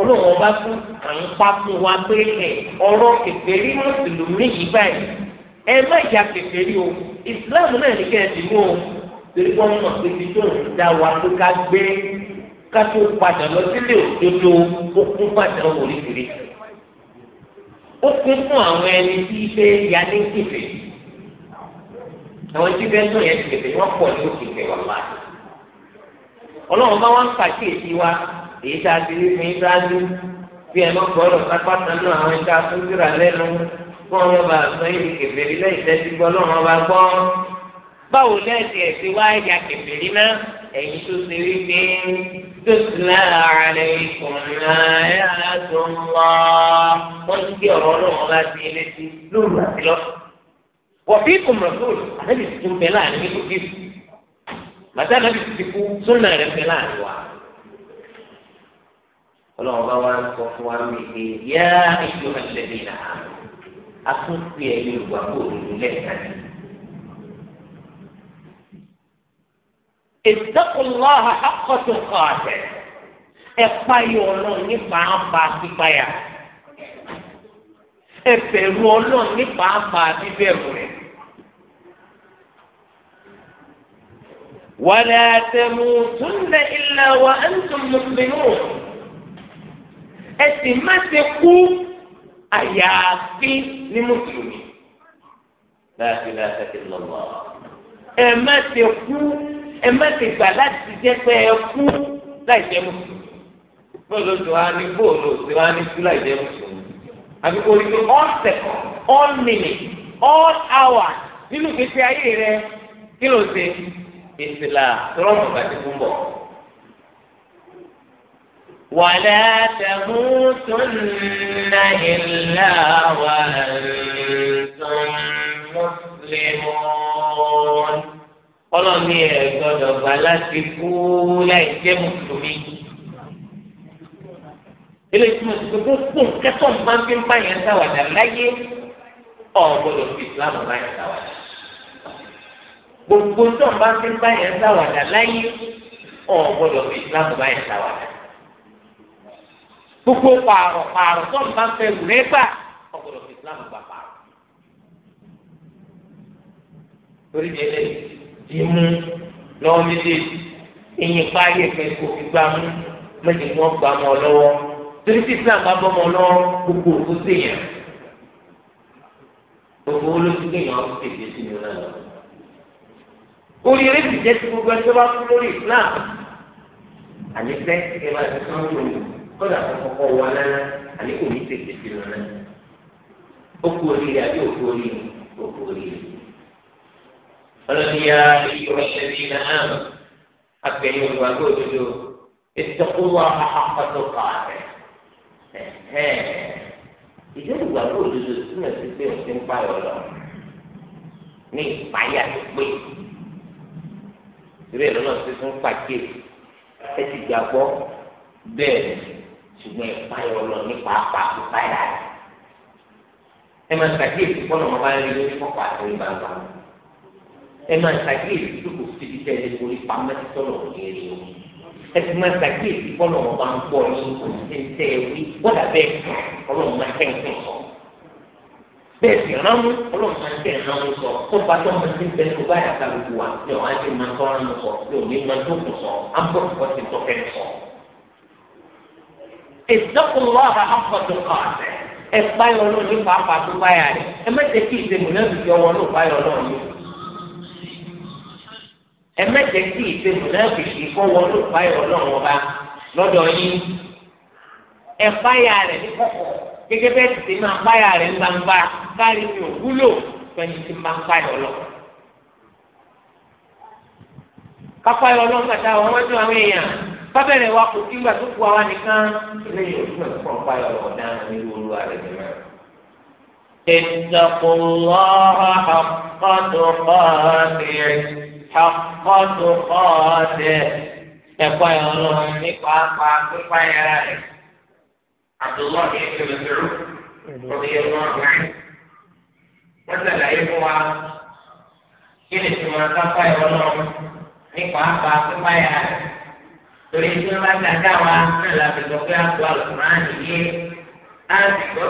ọlọ́run bá fún àwọn pápún wa pé ẹ̀ ọ̀rọ̀ kẹfẹ́ rí mùsùlùmí yìí báyìí ẹ má ya kẹfẹ́ o ìsìláàmù náà ní kẹ́ torí wọn mọ̀ pé ibi tó ń dá wa pé ká gbé ká tó padà lọ sílé òdodo ó kún padà oríṣiríṣi ó kún fún àwọn ẹni tí ṣe ya ní kìfè àwọn tí bẹ́ẹ̀ tó yẹn kìfè wọ́n pọ̀ ní kìfè wà wá ọlọ́run bá wọn pàkíyèsí wa èyí tá a ti rí fún yín sáájú bí ẹ máa gbọ́dọ̀ pápátá náà àwọn ẹ̀ka fún síra lẹ́nu kó wọn bá sọ yìí kìfè lẹ́yìn bá gbọ́ báwo lẹ́sìn ẹ̀sìn wá ẹ̀yà kẹfìrí náà ẹ̀yin tó ṣe rí pé tó ti lára rẹ̀ ìkùnrin náà tó ń wá wọ́n ti gbé ọ̀rọ̀ ọlọ́run bá ti ilé sí lóru àti lọ́sùn. wọ́n fi kùmọ̀ lóru àtẹ́bí ti tún láàrin ní kókè màtá náà ti ti kú sónà rẹ̀ bẹ láàrin wa. ọlọ́run bá wá ń sọ fún wa mi pé yá ìjọba ìṣẹ̀lẹ̀ náà a tún fi ẹ̀yin ìgbà kó òdòdó lẹ́ẹ̀kan yìí. ìdákùnláha akọ̀tùkọ̀ àtẹ ẹ̀páyọ̀ ọlọ́run nípa àpá pípáyà ẹ̀bẹ̀rù ọlọ́run nípa àpá bíbẹ̀rù rẹ̀. ولا تموتن إلا وأنتم مؤمنون ẹsì má ṣe kú àyàfi ní mùsùlùmí. láti láti ṣe lọ́wọ́ ẹ má ṣe kú ẹ má ti gbà láti jẹ́ pé ẹ kú láì jẹ́ mùsùlùmí bọ́ọ̀lù tó wá ní bóòlù tó wá ní kú láì jẹ́ mùsùlùmí àbí kò rí pé all second all minute all hour nínú ìgbésí ayé rẹ kí ló ṣe ìsìlá tọrọmù bàtí fún bọ̀. ولا تموتن إلا وأنتم مسلمون ọlọ́ọ̀ni ẹ̀ gbọ́dọ̀ gbà láti kú láì jẹ́ mùsùlùmí. ilé ìtumọ̀ sí pé gbogbo kẹ́tọ̀ ń bá ń fi ń bá yẹn sáwàdà láyé ọ̀ gbọ́dọ̀ fi ìsìlámù bá yẹn sáwàdà. gbogbo tó ń bá ń fi ń bá yẹn sáwàdà láyé ọ̀ gbọ́dọ̀ fi ìsìlámù bá yẹn sáwàdà. gbogbo pààrọ̀ pààrọ̀ tó ń bá ń fẹ́ rẹ́gbà ọ̀ gbọ́dọ̀ fi ìsìlámù bá pààrọ̀ ìmú lọ́wọ́ méjèèjì ìyìn parí ẹ̀fẹ́ kò fi gbà mú méjì wọ́n gbà mọ́ ọ lọ́wọ́ torí tí Islam bá bọ́ mọ́ ọ lọ́wọ́ gbogbo òkú sèyàn gbogbo olóṣù kéèyàn ọ̀hún tètè sí mi náà oríire ti jẹ́ ti gbogbo ẹgbẹ́ bá kú lórí Islam ànífẹ́ ẹ máa ti sọ́n lò kọ́dà kọ́kọ́ wà lánàá àní kò ní tètè sí mi náà. ó oríire àbí òkú oríire òkú oríire ọlọ́ni ya iyọ̀ ẹ̀rí na hàn akẹ́yìn olùwàgbọ́ òdodo ìtọ́kùwà àpàtọ́ kàrẹ́ ìjọ olùwàgbọ́ òdodo túmọ̀ sí pé òsì ń pààyọ̀ lọ ní ìpáyà tó pé ìrẹ́ lọ́nà tó tún pàṣẹ ẹ ti gbàgbọ́ bẹ́ẹ̀ ṣùgbọ́n ìpáyọ̀ lọ nípa àpapọ̀ báyà ẹ máa ṣàkíyèsí pọ́nà ọmọ bá ń rí lórí pọ́pọ́ àti ìbànújẹ́ ẹ máa ṣàkíyèsí tó kò síbi tẹ́ ẹ lórí pamẹ́ tọ́lọ̀ kéré o ẹ sì máa ṣàkíyèsí kọ́lọ̀ wọn bá ń pọ̀ ní kò sí tẹ́ ẹ wí wọ́n dàbẹ́ kọ́lọ̀ wọn máa tẹ́ ẹ sọ bẹ́ẹ̀ sì ránmú kọ́lọ̀ wọn máa tẹ́ ẹ ránmú sọ tó bá tó máa ti bẹ́ẹ̀ tó bá yà ká gbogbo wa ní ọ̀hán ti máa tọ́ ránmú sọ ní òní máa tó kù sọ á ń bọ̀ kọ́ ti tọ́ sọ ẹmẹjẹ tí ìpè mùnàfìsì kọwọ olùkọ ayọ Ọlọ́run ọba lọ́dọ̀ yín ẹ fáyà rẹ ní kọ̀kọ̀ gẹ́gẹ́ bẹ́ẹ̀ ti ti máa fáyà rẹ ní gbangba káàrí mi ò wúlò fẹni tí máa fáyà ọlọ. kápá ayọ Ọlọ́run gbàtà àwọn ọmọ ẹjọ́ àwọn èèyàn fábẹrẹ wa kò kí gbàtó kú àwa nìkan lẹ́yìn ojú ẹ fún ọpá ayọ Ọlọ́run dáná nínú olúwa jẹ mẹ́rin. اتقوا الله حق تقاته akọ́tò ọ̀ọ́dẹ ẹ̀kọ́ ìrọ̀rùn nípa apá pípa ẹ̀rá rẹ̀. Abdullahi ibn Mas'ud rọ̀bì ẹ̀rọ̀rùn rẹ̀. Wọ́n ṣàlàyé fún wa kí ni tí wọ́n kápá ìrọ̀rùn nípa apá pípa ẹ̀rá rẹ̀. Torí tí wọ́n bá dáadáa wa náà làbẹ̀tọ̀ pé àpò àlùkùnrin àyè á